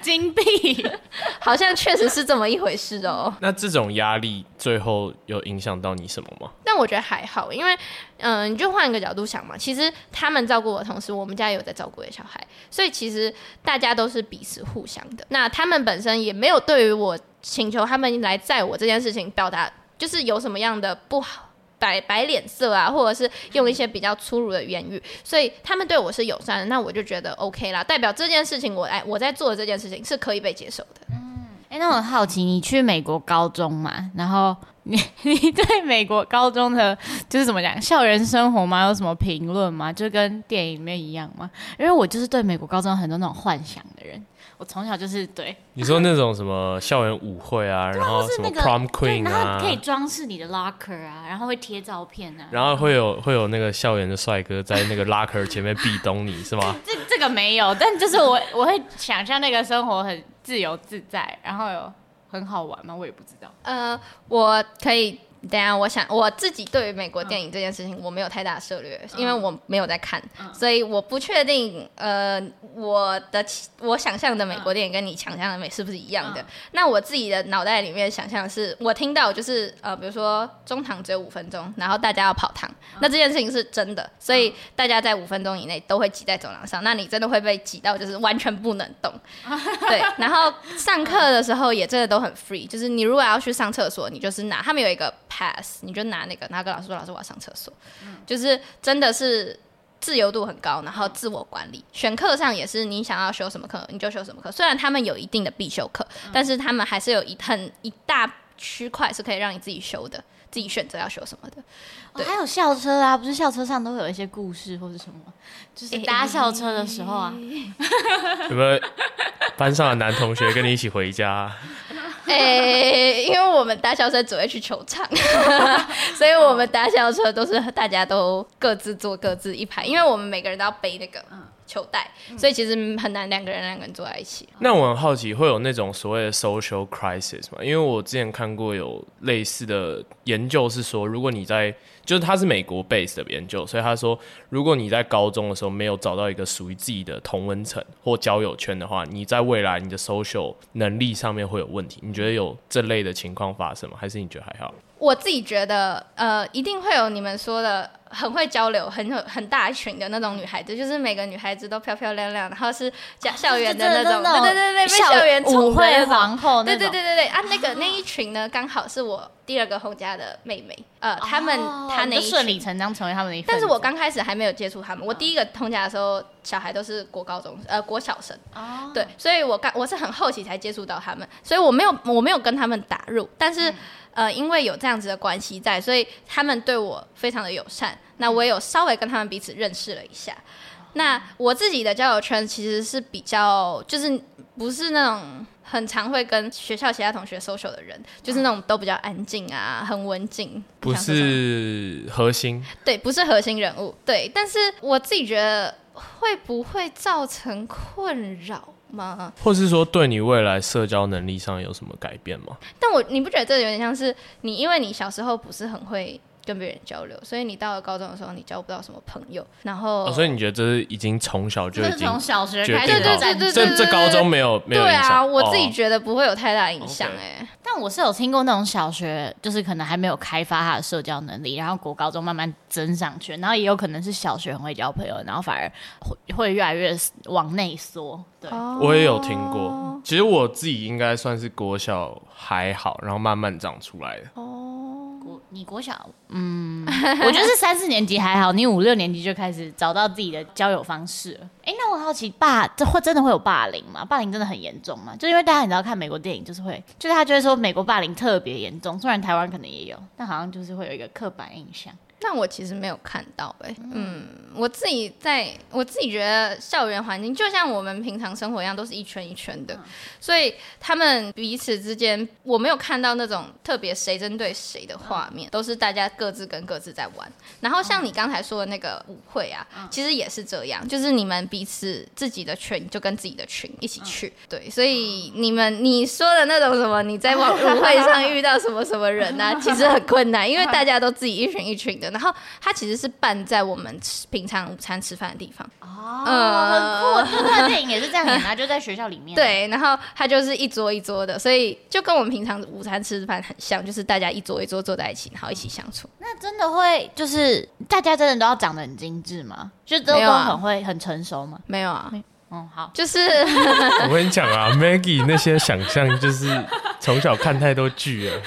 精闢，好像確實是這麼一回事哦、喔。那這種壓力最後有影響到你什麼嗎？我覺得還好，因為，嗯、呃，你就換一個角度想嘛，其實他們照顧我的同時，我們家也有在照顧我的小孩，所以其實大家都是彼此互相的。那他們本身也沒有對於我請求他們來載我這件事情表達，就是有什麼樣的不好擺擺臉色啊，或者是用一些比較粗魯的言語，所以他們對我是友善的，那我就覺得 OK 啦，代表這件事情我哎我在做的這件事情是可以被接受的。嗯，哎、欸，那我好奇你去美國高中嘛，然後。你你對美國高中的就是怎麼講，校園生活嗎？有什麼評論嗎？就跟電影裡面一樣嗎？因為我就是對美國高中很多那種幻想的人，我從小就是對你說那種什麼校園舞會啊，然後什麼 prom queen 啊，啊就是那個，然後他可以裝飾你的 locker 啊，然後會貼照片啊，然後會有會有那個校園的帥哥在那個 locker 前面壁咚你是嗎？ [LAUGHS] 這這，這個沒有，但就是我我會想象那個生活很自由自在，然後有。很好玩嗎？我也不知道。呃，我可以。等下，我想我自己對於美國電影這件事情、嗯、我沒有太大涉略、嗯，因為我沒有在看，嗯、所以我不確定，呃，我的我想象的美國電影跟你想象的美是不是一樣的？嗯、那我自己的腦袋裡面想象的是，我聽到就是呃，比如說中堂只有五分鐘，然後大家要跑堂、嗯，那這件事情是真的，所以大家在五分鐘以內都會擠在走廊上、嗯，那你真的會被擠到就是完全不能動，嗯、對，然後上課的時候也真的都很 free、嗯、就是你如果要去上廁所，你就是拿他們有一個。pass，你就拿那個，然後跟老師說，老師我要上廁所、嗯，就是真的是自由度很高，然後自我管理，嗯、選課上也是你想要修什麼課你就修什麼課，雖然他們有一定的必修課、嗯，但是他們還是有一很一大區塊是可以讓你自己修的，自己選擇要修什麼的、哦。還有校車啊，不是校車上都會有一些故事或者什麼，就是、欸欸、搭校車的時候啊，欸、 [LAUGHS] 有沒有班上的男同學跟你一起回家？ [LAUGHS] 誒、 [LAUGHS] 欸，因為我們搭校車主要去球場， [LAUGHS] [LAUGHS] 所以我們搭校車都是大家都各自坐各自一排，因為我們每個人都要背那個， [LAUGHS] 求帶，所以其實很難兩個人兩個人坐在一起。那我很好奇，會有那種所謂的 social crisis 嗎？因為我之前看過有類似的研究，是說如果你在就是他是美國 base 的研究，所以他說如果你在高中的時候沒有找到一個屬於自己的同溫層或交友圈的話，你在未來你的 social 能力上面會有問題。你覺得有這類的情況發生嗎？還是你覺得還好？我自己覺得，呃，一定會有你們說的很會交流，很有很大一群的那種女孩子，就是每個女孩子都漂漂亮亮，然後是校校園的那種，對對對對，對，校園舞會皇後，對對對對啊，那個那一群呢，剛好是我第二個同家的妹妹，呃，哦，他們她那一群順理成成一，但是我剛開始還沒有接觸他們，我第一個同家的時候，小孩都是國高中，呃，國小生，哦，對，所以我剛我是很好奇才接觸到他們，所以我沒有我沒有跟他們打入，但是。嗯呃，因為有這樣子的關係在，所以他們對我非常的友善。那我也有稍微跟他們彼此認識了一下。那我自己的交友圈其實是比較，就是不是那種很常會跟學校其他同學 social 的人，就是那種都比較安靜啊，很文靜。不是核心。對，不是核心人物。對，但是我自己覺得會不會造成困擾？或是說，對你未來社交能力上有什麼改變嗎？但我你不覺得這個有點像是你，因為你小時候不是很會。跟別人交流，所以你到了高中的時候，你交不到什麼朋友。然後、哦，所以你覺得這是已經從小就已經從小學開始，這這高中沒有沒有影響？對啊，我自己覺得不會有太大影響哎、欸。Oh. Okay. 但我是有聽過那種小學就是可能還沒有開發他的社交能力，然後國高中慢慢增上去，然後也有可能是小學很會交朋友，然後反而會會越來越往內縮。對，oh. 我也有聽過。其實我自己應該算是國小還好，然後慢慢長出來的。Oh. 你國小，嗯，我覺得是三四年級還好，你 [LAUGHS] 五六年級就開始找到自己的交友方式了。哎、欸，那我好奇霸，這會真的會有霸凌嗎？霸凌真的很嚴重嗎？就因為大家你知道看美國電影，就是會，就是他就會說美國霸凌特別嚴重，雖然台灣可能也有，但好像就是會有一個刻板印象。但我其實沒有看到哎、欸嗯，嗯，我自己在，我自己覺得校園環境就像我們平常生活一樣，都是一圈一圈的，嗯、所以他們彼此之間我沒有看到那種特別誰針對誰的畫面、嗯，都是大家各自跟各自在玩。然後像你剛才說的那個舞會啊、嗯，其實也是這樣，就是你們彼此自己的群就跟自己的群一起去、嗯，對，所以你們你說的那種什麼你在舞會上遇到什麼什麼人呢、啊？ [LAUGHS] 其實很困難，因為大家都自己一群一群的。然後他其實是辦在我們吃平常午餐吃飯的地方哦、呃，很酷。動的電影也是這樣演啊， [LAUGHS] 就在學校裡面、啊。對，然後他就是一桌一桌的，所以就跟我們平常午餐吃飯很像，就是大家一桌一桌坐在一起，然後一起相處。嗯、那真的會就是大家真的都要長得很精緻嗎？就都都很會很成熟嗎？沒有啊，沒有啊嗯，好，就是 [LAUGHS] 我跟你講啊，Maggie 那些想象就是從小看太多劇了、啊。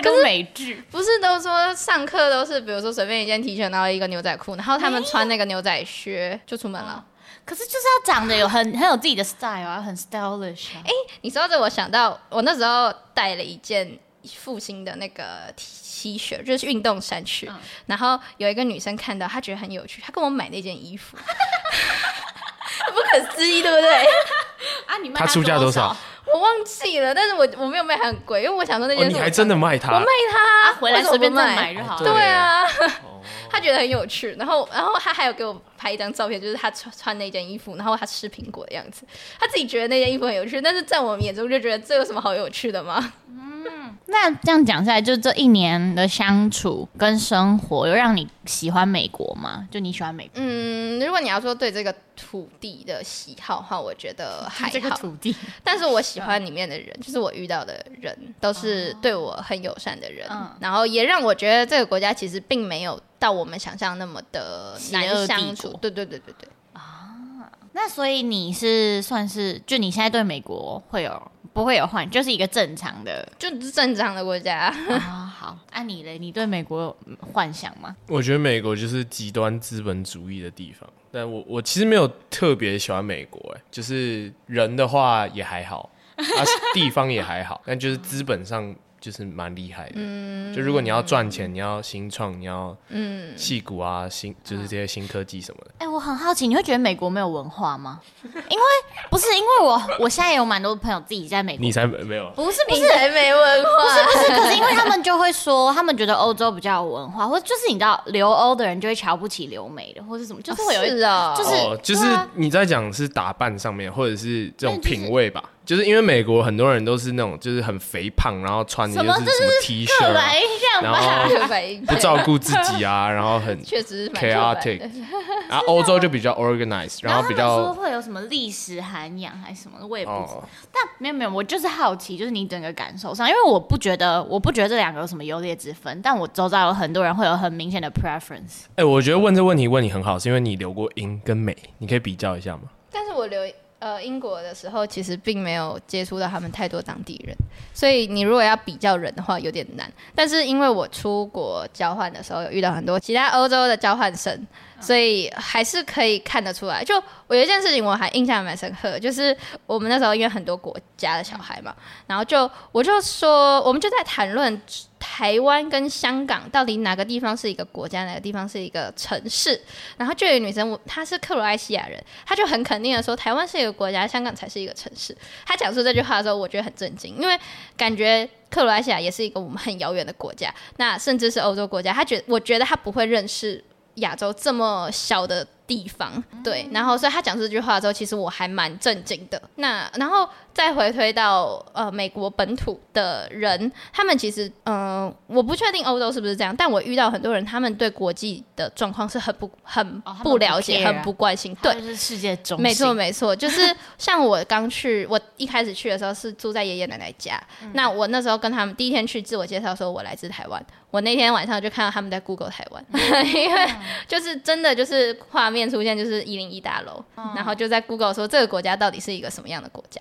跟美劇不是都說上課都是比如說隨便一件 T 恤然後一個牛仔褲，然後他們穿那個牛仔靴就出門了。可是就是要長得有很很有自己的 style、啊、很 stylish、啊。哎、欸，你說這，我想到我那時候帶了一件復興的那個 T 恤，就是運動衫去、嗯，然後有一個女生看到，她覺得很有趣，她跟我買那件衣服， [LAUGHS] [LAUGHS] 不可思議， [LAUGHS] 對不對？啊，你們她出價多少？我忘記了，但是我我沒有賣很貴。因為我想說那件衣服，哦、你還真的賣他？我賣他、啊，回來隨便再買就好了。對啊， [LAUGHS] 他覺得很有趣。然後，然後他還有給我拍一張照片，就是他穿穿那件衣服，然後他吃蘋果的樣子。他自己覺得那件衣服很有趣，但是在我們眼中就覺得這有什麼好有趣的嗎？嗯嗯，那這樣講下來，就這一年的相處跟生活，有讓你喜歡美國嗎？就你喜歡美國？嗯，如果你要說對這個土地的喜好的話，我覺得還好。嗯、這個土地，但是我喜歡裡面的人，是啊、就是我遇到的人都是對我很友善的人、哦，然後也讓我覺得這個國家其實並沒有到我們想象那麼的難相處。對對對對對。那所以你是算是，就你現在對美國會有不會有幻，就是一個正常的，就是正常的國家。 [LAUGHS] 哦、好，那、啊、你嘞，你對美國有幻想嗎？我覺得美國就是極端資本主義的地方，但我我其實沒有特別喜歡美國、欸，哎，就是人的話也還好， [LAUGHS] 啊，地方也還好，但就是資本上。就是蠻厲害的、嗯，就如果你要賺錢，你要新創，你要骨、啊、嗯，戲股啊，新就是這些新科技什麼的。哎、欸，我很好奇，你會覺得美國沒有文化嗎？ [LAUGHS] 因為不是因為我，我現在也有蠻多朋友自己在美國，你才沒有？不是不是還沒文化，不是不是，可是因為他們就會說，他們覺得歐洲比較有文化， [LAUGHS] 或者就是你知道留歐的人就會瞧不起留美的，或是什麼，就是會有、哦、就是，是、啊、就是、哦就是啊、你在講是打扮上面，或者是這種品味吧。就是因為美國很多人都是那種，就是很肥胖，然後穿的就是什麼 T 恤啊，然後不照顧自己啊，然後很 chaotic。啊，歐洲就比較 organized，然後比較。說會有什麼歷史涵養還是什麼，我也不知道。哦。但沒有沒有，我就是好奇，就是你整個感受上，因為我不覺得，我不覺得這兩個有什麼優劣之分，但我周遭有很多人會有很明顯的 preference。哎、欸，我覺得問這個問題問你很好，是因為你留過英跟美，你可以比較一下嗎？但是我留。呃，英國的時候其實並沒有接觸到他們太多當地人，所以你如果要比較人的話，有點難。但是因為我出國交換的時候有遇到很多其他歐洲的交換生。所以還是可以看得出來，就我有一件事情我還印象蠻深刻的，就是我們那時候因為很多國家的小孩嘛，然後就我就說我們就在談論台灣跟香港到底哪個地方是一個國家，哪個地方是一個城市。然後就有女生，我她是克羅埃西亞人，她就很肯定的說台灣是一個國家，香港才是一個城市。她講出這句話的時候，我覺得很震驚，因為感覺克羅埃西亞也是一個我們很遙遠的國家，那甚至是歐洲國家，她覺我覺得她不會認識。亞洲這麼小的地方，對，然後所以他講這句話的時候，其實我還蠻震驚的。那然後。再回推到呃美國本土的人，他們其實嗯、呃，我不確定歐洲是不是這樣，但我遇到很多人，他們對國際的狀況是很不很不了解、哦他們不 care 啊，很不關心。對，他就是世界中心。沒錯沒錯，就是像我剛去，我一開始去的時候是住在爺爺奶奶家， [LAUGHS] 那我那時候跟他們第一天去自我介紹說我來自台灣，我那天晚上就看到他們在 Google 台灣，嗯、 [LAUGHS] 因為就是真的就是畫面出現就是一零一大樓、嗯，然後就在 Google 說這個國家到底是一個什麼樣的國家，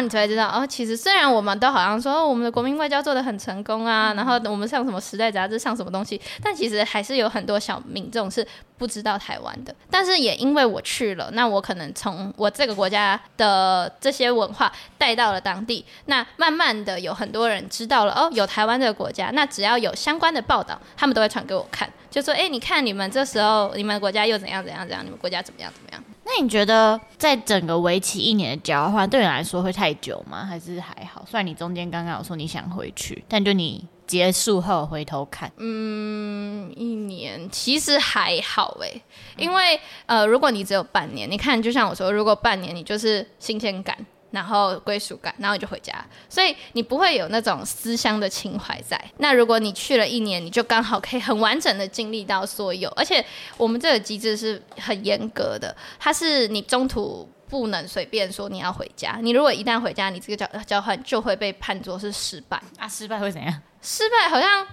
你才會知道哦，其實雖然我們都好像說，哦，我們的國民外交做得很成功啊，然後我們上什麼時代雜誌上什麼東西，但其實還是有很多小民眾是不知道台灣的。但是也因為我去了，那我可能從我這個國家的這些文化帶到了當地，那慢慢的有很多人知道了哦，有台灣這個國家。那只要有相關的報道，他們都會傳給我看，就說：“哎，你看你們這時候，你們國家又怎樣怎樣怎樣，你們國家怎麼樣怎麼樣。”那你覺得在整個為期一年的交換對你來說會太久嗎？還是還好？雖然你中間剛剛有說你想回去，但就你結束後回頭看，嗯，一年其實還好誒、欸，因為呃，如果你只有半年，你看，就像我說，如果半年你就是新鮮感。然後歸屬感，然後你就回家，所以你不會有那種思鄉的情懷在。那如果你去了一年，你就剛好可以很完整的經歷到所有。而且我們這個機制是很嚴格的，它是你中途不能隨便說你要回家。你如果一旦回家，你這個交交換就會被判作是失敗。啊，失敗會怎樣？失敗好像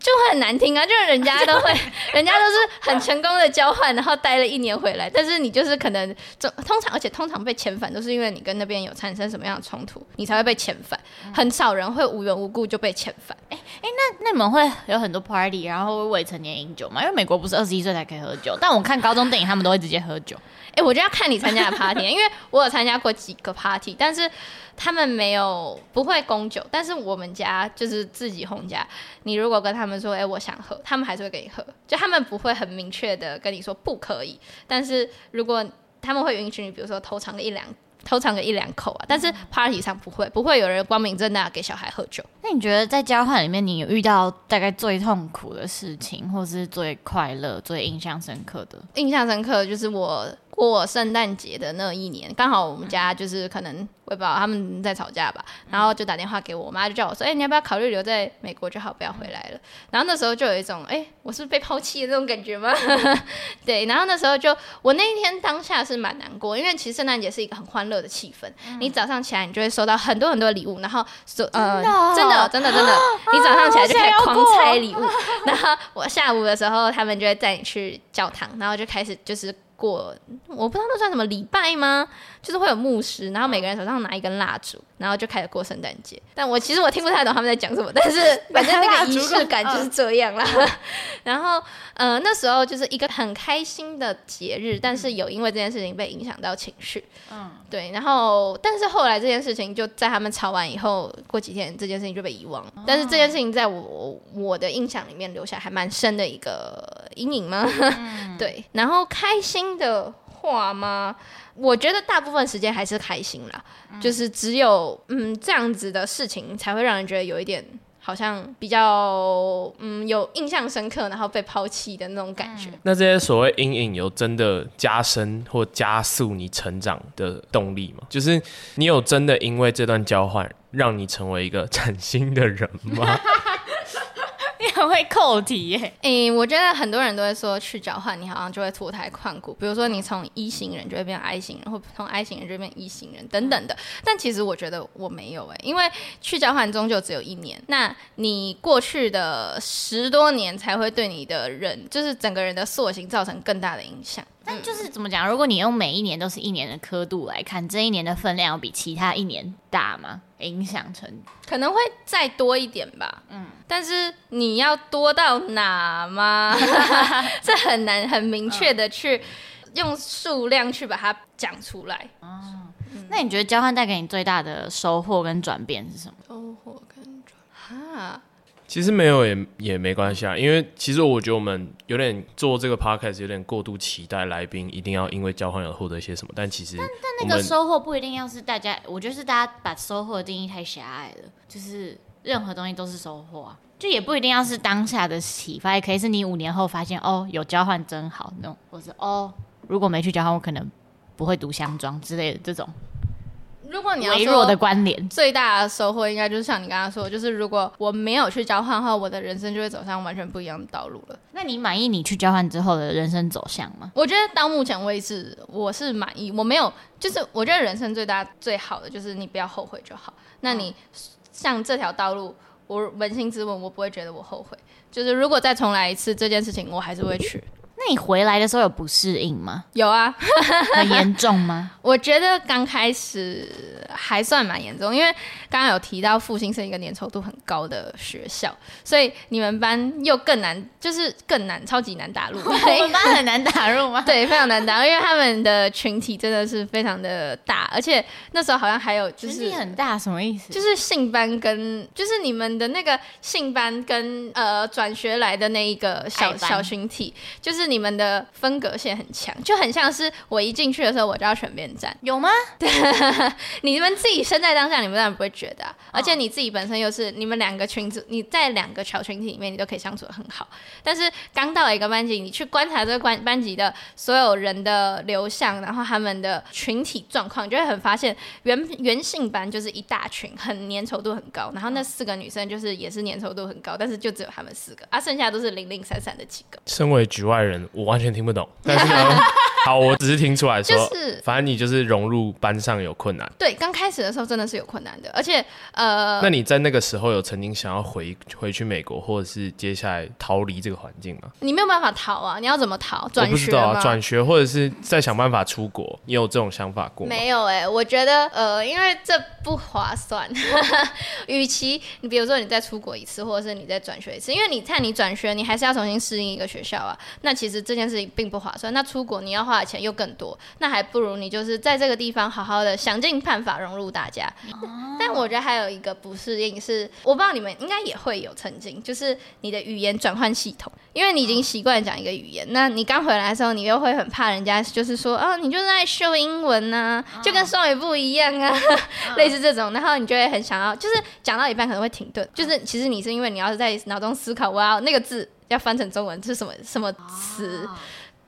就會很難聽啊，就是人家都會，人家都是很成功的交換，然後待了一年回來。但是你就是可能，通常而且通常被遣返，都是因為你跟那邊有產生什麼樣的衝突，你才會被遣返。很少人會無緣無故就被遣返。哎哎，那那你們會有很多 party，然後會不會未成年飲酒嗎？因為美國不是二十一歲才可以喝酒？但我看高中電影，他們都會直接喝酒，欸。哎，我就要看你參加的 party，因為我有參加過幾個 party，但是他們沒有不會供酒，但是我們家就是自己。同家，你如果跟他們說，哎、欸，我想喝，他們還是會給你喝，就他們不會很明確的跟你說不可以，但是如果他們會允許你，比如說偷嘗個一兩，偷嘗個一兩口啊，但是 party 上不會，不會有人光明正大給小孩喝酒。那你覺得在交換裡面，你有遇到大概最痛苦的事情，或是最快樂、最印象深刻的？印象深刻就是我。過聖誕節的那一年，剛好我們家就是可能我也不知道他們在吵架吧，嗯、然後就打電話給我，我媽就叫我說，哎、欸，你要不要考慮留在美國就好，不要回來了。嗯、然後那時候就有一種，哎、欸，我是，是被拋棄的那種感覺嗎？嗯、 [LAUGHS] 對，然後那時候就我那一天當下是蠻難過，因為其實聖誕節是一個很歡樂的氣氛，嗯，你早上起來你就會收到很多很多禮物，然後說，呃、嗯哦嗯，真的真的真的，啊，你早上起來就可以狂拆禮物， [LAUGHS] 然後我下午的時候他們就會帶你去教堂，然後就開始就是。過我不知道那算什麼禮拜嗎？就是會有牧師，然後每個人手上拿一根蠟燭，嗯、然後就開始過聖誕節。但我其實我聽不太懂他們在講什麼， [LAUGHS] 但是反正那個儀式感就是這樣啦。嗯、 [LAUGHS] 然後呃那時候就是一個很開心的節日，但是有因為這件事情被影響到情緒。嗯，對。然後但是後來這件事情就在他們吵完以後，過幾天這件事情就被遺忘、嗯。但是這件事情在我我的印象裡面留下還蠻深的一個陰影嗎？嗯、 [LAUGHS] 對。然後開心。的話嗎？我覺得大部分時間還是開心啦，嗯、就是只有嗯這樣子的事情才會讓人覺得有一點好像比較嗯有印象深刻，然後被拋棄的那種感覺。嗯、那這些所謂陰影有真的加深或加速你成長的動力嗎？就是你有真的因為這段交換讓你成為一個嶄新的人嗎？ [LAUGHS] [LAUGHS] 會扣題誒、欸嗯，我覺得很多人都會說去交換，你好像就會脫胎換骨。比如說，你從 E 型人就會變 I 型人，或從 I 型人就變 E 型人，等等的。但其實我覺得我沒有誒、欸，因為去交換終究只有一年，那你過去的十多年才會對你的人，就是整個人的塑形造成更大的影響。嗯、但就是怎麼講？如果你用每一年都是一年的刻度來看，這一年的分量，比其他一年大嗎？影響程度可能會再多一點吧。嗯，但是你要多到哪嗎？ [LAUGHS] [LAUGHS] 這很難很明確的去用數量去把它講出來。哦，那你覺得交換帶給你最大的收穫跟轉變是什麼？收穫跟轉變哈。其實沒有也也沒關係啊，因為其實我覺得我們有點做這個 podcast 有點過度期待來賓一定要因為交換有獲得一些什麼，但其實但但那個收穫不一定要是大家，我覺得是大家把收穫的定義太狹隘了，就是任何東西都是收穫，啊，就也不一定要是當下的啟發，可以是你五年後發現哦有交換真好那種，或是哦如果沒去交換我可能不會讀箱裝之類的這種。如果你要說的關聯最大的收穫，應該就是像你剛剛說，就是如果我沒有去交換的話，我的人生就會走上完全不一樣的道路了。那你滿意你去交換之後的人生走向嗎？我覺得到目前為止，我是滿意。我沒有，就是我覺得人生最大最好的就是你不要後悔就好。那你像這條道路，我捫心自問，我不會覺得我後悔。就是如果再重來一次這件事情，我還是會去。那你回來的時候有不適應嗎？有啊， [LAUGHS] 很嚴重嗎？ [LAUGHS] 我覺得剛開始還算蠻嚴重，因為剛剛有提到復興是一個粘稠度很高的學校，所以你們班又更難，就是更難，超級難打入。我們班很難打入嗎？ [LAUGHS] 對，非常難打入，因為他們的群體真的是非常的大，而且那時候好像還有就是群體很大什麼意思？就是信班跟就是你們的那個信班跟呃轉學來的那一個小小群體就是。你們的分隔線很強，就很像是我一進去的時候，我就要全面站，有嗎？對， [LAUGHS] 你們自己身在當下，你們當然不會覺得、啊哦。而且你自己本身又是你們兩個群組，你在兩個小群體裡面，你都可以相處得很好。但是剛到一個班級，你去觀察這個班班級的所有人的流向，然後他們的群體狀況，就會很發現原，原原性班就是一大群，很粘稠度很高。然後那四個女生就是也是粘稠度很高，但是就只有她們四個啊，剩下都是零零散散的幾個。身為局外人。我完全聽不懂， [LAUGHS] 但是呢。好，我只是聽出來說，就是反正你就是融入班上有困難。對，剛開始的時候真的是有困難的，而且呃，那你在那個時候有曾經想要回回去美國，或者是接下來逃離這個環境嗎？你沒有辦法逃啊，你要怎麼逃？轉學嗎？我不知道啊，轉學或者是再想辦法出國，你有這種想法過嗎？嗯？沒有哎、欸，我覺得呃，因為這不划算。與 [LAUGHS] 其你比如說你再出國一次，或者是你再轉學一次，因為你看你轉學，你還是要重新適應一個學校啊。那其實這件事情並不划算。那出國你要花錢又更多，那還不如你就是在這個地方好好的想盡辦法融入大家、哦。但我覺得還有一個不適應是，是我不知道你們應該也會有曾經，就是你的語言轉換系統，因為你已經習慣講一個語言、哦，那你剛回來的時候，你又會很怕人家就是說，啊、哦，你就是在秀英文吶、啊哦，就跟雙語不一樣啊，哦、 [LAUGHS] 類似這種，然後你就會很想要，就是講到一半可能會停頓，就是其實你是因為你要在腦中思考，哇，那個字要翻成中文、就是什麼什麼詞。哦。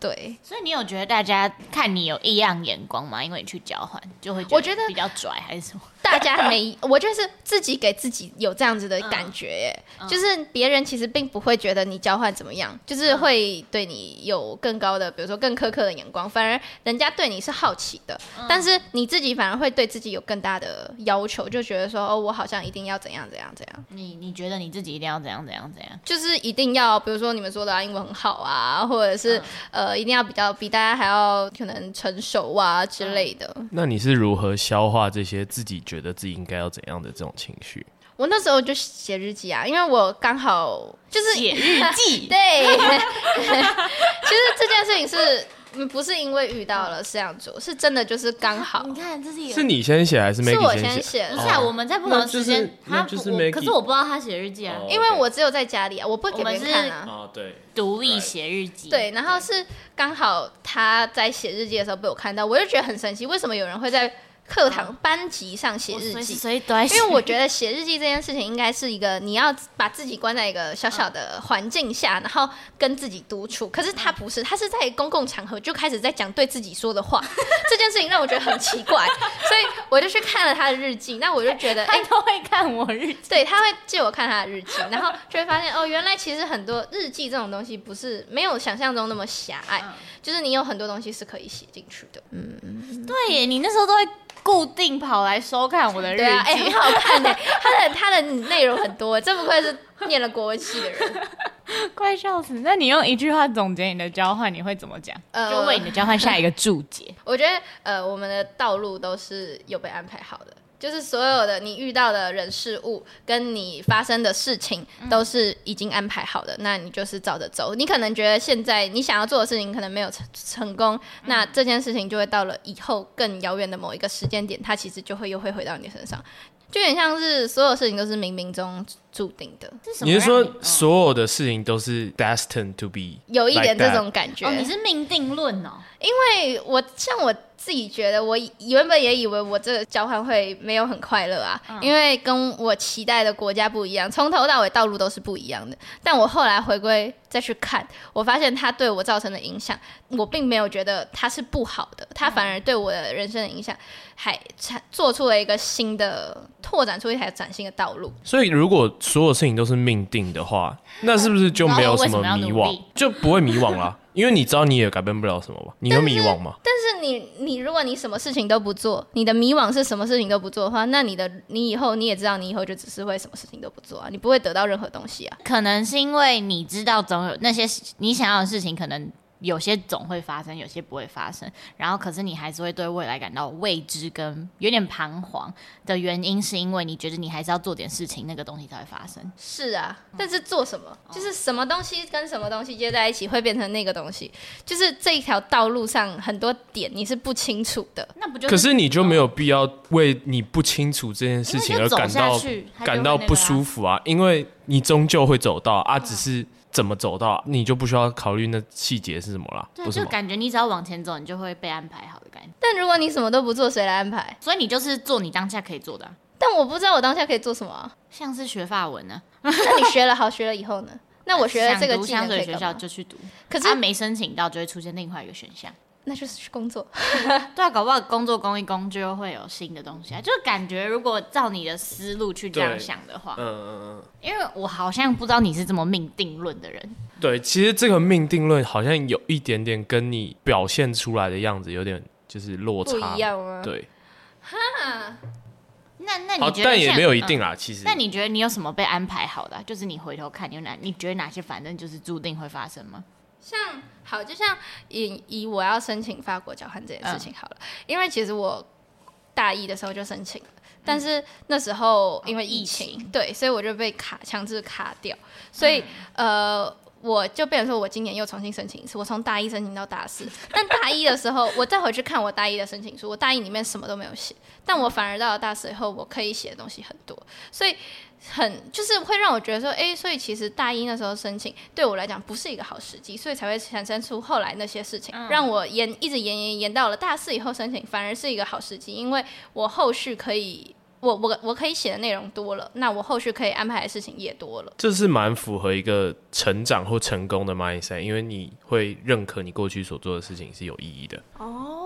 對，所以你有覺得大家看你有異樣眼光嗎？因為你去交換，就會覺得比較拽還是什麼？ [LAUGHS] [LAUGHS] 大家還沒，我就是自己給自己有這樣子的感覺耶、嗯嗯，就是別人其實並不會覺得你交換怎麼樣，就是會對你有更高的，比如說更苛刻的眼光，反而人家對你是好奇的，嗯，但是你自己反而會對自己有更大的要求，就覺得說哦，我好像一定要怎樣怎樣怎樣。你你覺得你自己一定要怎樣怎樣怎樣？就是一定要，比如說你們說的，啊、英文很好啊，或者是，嗯、呃，一定要比較比大家還要可能成熟啊之類的、嗯。那你是如何消化這些自己覺得？覺得自己應該要怎樣的這種情緒？我那時候就寫日記啊，因為我剛好就是寫日記。 [LAUGHS] 對， [LAUGHS] [LAUGHS] [LAUGHS] 其實這件事情是 [LAUGHS] 不是因為遇到了攝影組，是真的就是剛好。你看，這是是你先寫還是是我先寫。哦？不是、啊，我們在不同的時間，就是。他不，可是我不知道他寫日記啊、哦 okay，因為我只有在家裡啊，我不給別人看啊，啊對，獨立寫日記。對，然後是剛好他在寫日記的時候被我看到，我就覺得很神奇，為什麼有人會在？課堂班級上寫日記，哦隨隨，因為我覺得寫日記這件事情應該是一個你要把自己關在一個小小的環境下，哦、然後跟自己獨處。可是他不是，他、嗯、是在公共場合就開始在講，對自己說的話，嗯、這件事情讓我覺得很奇怪。 [LAUGHS] 所以我就去看了他的日記，那我就覺得，哎，欸、他都會看我日記，對，他會借我看他的日記， [LAUGHS] 然後就會發現哦，原來其實很多日記這種東西不是沒有想象中那麼狹隘，嗯、就是你有很多東西是可以寫進去的。嗯，嗯對，你那時候都會。固定跑來收看我的日記，哎、啊欸，很好看哎， [LAUGHS] 他的他的內容很多，真不愧是念了國戲的人， [LAUGHS] 怪笑死。那你用一句話總結你的交換，你會怎麼講、呃？就為你的交換下一個注解。 [LAUGHS] 我覺得呃，我們的道路都是有被安排好的。就是所有的你遇到的人事物，跟你發生的事情，都是已經安排好的。嗯、那你就是照着走。你可能覺得現在你想要做的事情可能沒有成成功、嗯，那這件事情就會到了以後更遙遠的某一個時間點，它其實就會又會回到你身上。就有點像是所有事情都是冥冥中注定的。是，你是說所有的事情都是 destined to be，有一點這種感覺？你是命定論哦？因為我像我。自己覺得我，我原本也以為我這個交換會沒有很快樂啊、嗯，因為跟我期待的國家不一樣，從頭到尾道路都是不一樣的。但我後來回歸再去看，我發現它對我造成的影響，我並沒有覺得它是不好的，它反而對我的人生的影響，還產、產做出了一個新的拓展出一台嶄新的道路。所以，如果所有事情都是命定的話，那是不是就沒有什麼迷惘，就不會迷惘了、啊？ [LAUGHS] 因為你知道你也改變不了什麼吧？你有迷惘嗎？但是，但是你你如果你什麼事情都不做，你的迷惘是什麼事情都不做的話，那你的你以後你也知道，你以後就只是會什麼事情都不做啊，你不會得到任何東西啊。可能是因為你知道總有那些你想要的事情，可能。有些總會發生，有些不會發生。然後，可是你還是會對未來感到未知跟有點彷徨的原因，是因為你覺得你還是要做點事情，那個東西才會發生。是啊，但是做什麼？嗯、就是什麼東西跟什麼東西接在一起，哦、會變成那個東西。就是這一條道路上很多點你是不清楚的。那不就是？可是你就沒有必要為你不清楚這件事情、嗯、而感到、啊、感到不舒服啊，因為你終究會走到啊，、嗯、啊，只是。怎麼走到，你就不需要考慮那細節是什麼了。對、啊，就感覺你只要往前走，你就會被安排好的感覺。但如果你什麼都不做，誰來安排？所以你就是做你當下可以做的、啊。但我不知道我當下可以做什麼、啊，像是學法文呢、啊？那你學了好， [LAUGHS] 學了以後呢？那我學了這個，香水學校就去讀。可是他、啊、沒申請到，就會出現另外一個選項。那就是去工作 [LAUGHS] [LAUGHS] 對啊，搞不好工作工一工就會有新的東西啊。就感覺如果照你的思路去這樣想的話，嗯嗯嗯，因為我好像不知道你是這麼命定論的人。對，其實這個命定論好像有一點點跟你表現出來的樣子有點就是落差。不一樣啊、對。哈，那那你覺得好，但也沒有一定啦。其實，那、嗯、你覺得你有什麼被安排好的、啊？就是你回頭看，有哪你覺得哪些反正就是注定會發生嗎？像好，就像以以我要申請法國交換這件事情好了、嗯，因為其實我大一的時候就申請了，嗯、但是那時候因為疫情、哦、疫情，對，所以我就被卡強制卡掉，所以、嗯、呃，我就變成說我今年又重新申請一次，我從大一申請到大四，但大一的時候 [LAUGHS] 我再回去看我大一的申請書，我大一裡面什麼都沒有寫，但我反而到了大四以後，我可以寫的東西很多，所以。很就是會讓我覺得說，哎、欸，所以其實大一那時候申請對我來講不是一個好時機，所以才會產生出後來那些事情，嗯、讓我延一直延延延到了大四以後申請，反而是一個好時機，因為我後續可以我我我可以寫的內容多了，那我後續可以安排的事情也多了。這是蠻符合一個成長或成功的 mindset，因為你會認可你過去所做的事情是有意義的。哦。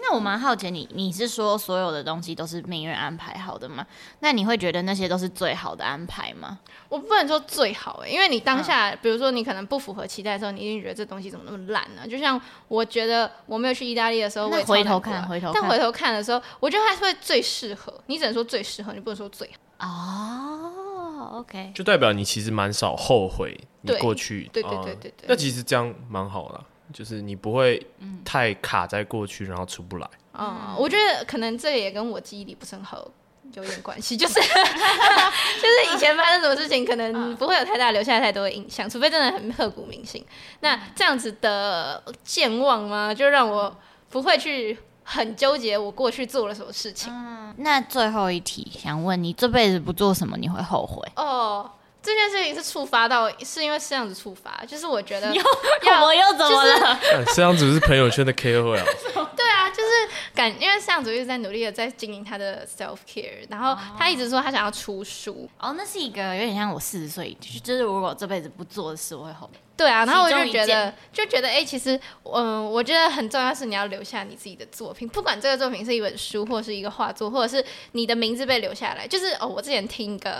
那我蠻好奇你，你你是說所有的東西都是命運安排好的嗎？那你會覺得那些都是最好的安排嗎？我不能說最好、欸，因為你當下、嗯，比如說你可能不符合期待的時候，你一定覺得這東西怎麼那麼爛呢、啊？就像我覺得我沒有去意大利的時候我、啊，回頭看，回頭，但回頭看的時候，我覺得它會最適合。你只能說最適合，你不能說最好。哦、oh,，OK，就代表你其實蠻少後悔你過去對，對對對對對，對、啊，那其實這樣蠻好了。就是你不會太卡在過去，嗯、然後出不來嗯。嗯，我覺得可能這也跟我記憶力不是很好有一點關係，就是 [LAUGHS] [LAUGHS] 就是以前發生什麼事情，可能不會有太大留下太多的印象、嗯，除非真的很刻骨銘心、嗯。那這樣子的健忘嗎？就讓我不會去很糾結我過去做了什麼事情、嗯。那最後一題，想問你，這輩子不做什麼你會後悔？哦。這件事情是觸發到，是因為攝像子觸發，就是我覺得又我又怎麼了？就是哎、攝像子是朋友圈的 KOL 啊 [LAUGHS] 對啊，就是感因為向子一直在努力的在經營他的 self care，然後他一直說他想要出書哦，哦，那是一個有點像我四十歲，就是如果我這輩子不做的事，我會後悔。對啊，然後我就覺得，就覺得哎、欸，其實，嗯、呃，我覺得很重要是你要留下你自己的作品，不管這個作品是一本書或是一個畫作，或者是你的名字被留下來。就是哦，我之前聽一個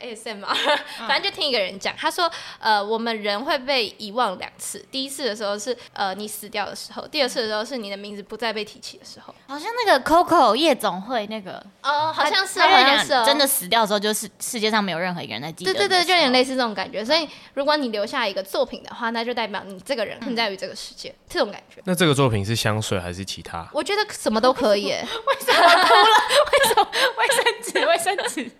ASMR，反正就聽一個人講、嗯，他說，呃，我們人會被遺忘兩次，第一次的時候是呃你死掉的時候，第二次的時候是你的名字不再被提起的時候。好像那個 Coco 夜總會那個，哦、呃，好像是有點真的死掉的時候，時候就是世界上沒有任何一個人在記得。對對，對就有點類似這種感覺。所以如果你留下一個作品的話那就代表你這個人存在於這個世界、嗯，這種感覺。那這個作品是香水還是其他？我覺得什麼都可以。為什麼，為什麼哭了？為什麼衛 [LAUGHS] 生紙？衛生紙，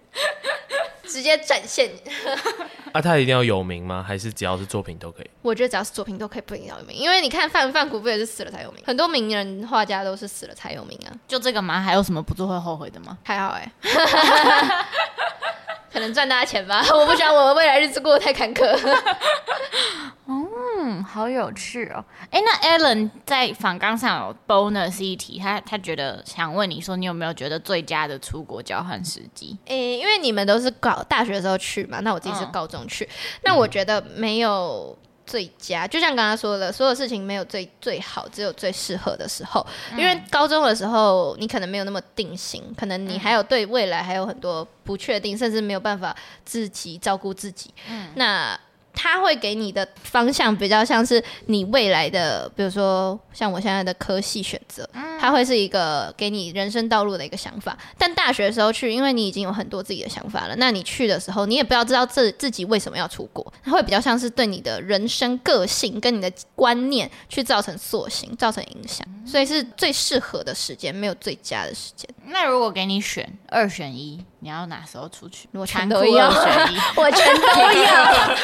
直接展現你。啊，他一定要有名嗎？還是只要是作品都可以？我覺得只要是作品都可以，不一定要有名。因為你看梵谷不也是死了才有名？很多名人畫家都是死了才有名啊。就這個嘛？還有什麼不做會後悔的嗎？還好哎。 [LAUGHS] [LAUGHS] 可能賺大錢吧， [LAUGHS] [LAUGHS] 我不希望我未來日子過得太坎坷。 [LAUGHS] 嗯，好有趣哦。哎、欸，那 Alan 在訪綱上有 bonus 一題，他他覺得想問你說，你有沒有覺得最佳的出國交換時機？誒、嗯欸，因為你們都是高大學的時候去嘛，那我自己是高中去，嗯、那我覺得沒有。最佳就像剛剛說的，所有事情沒有最最好，只有最適合的時候，嗯。因為高中的時候，你可能沒有那麼定型，可能你還有對未來還有很多不確定，嗯，甚至沒有辦法自己照顧自己。嗯，那。他會給你的方向比較像是你未來的，比如說像我現在的科系選擇，他會是一個給你人生道路的一個想法。但大學的時候去，因為你已經有很多自己的想法了，那你去的時候，你也不要知道自自己為什麼要出國，他會比較像是對你的人生個性跟你的觀念去造成塑形、造成影響，所以是最適合的時間，沒有最佳的時間。那如果給你選，二選一？你要哪時候出去？如果全都要，我全都要。我全都 [LAUGHS] 我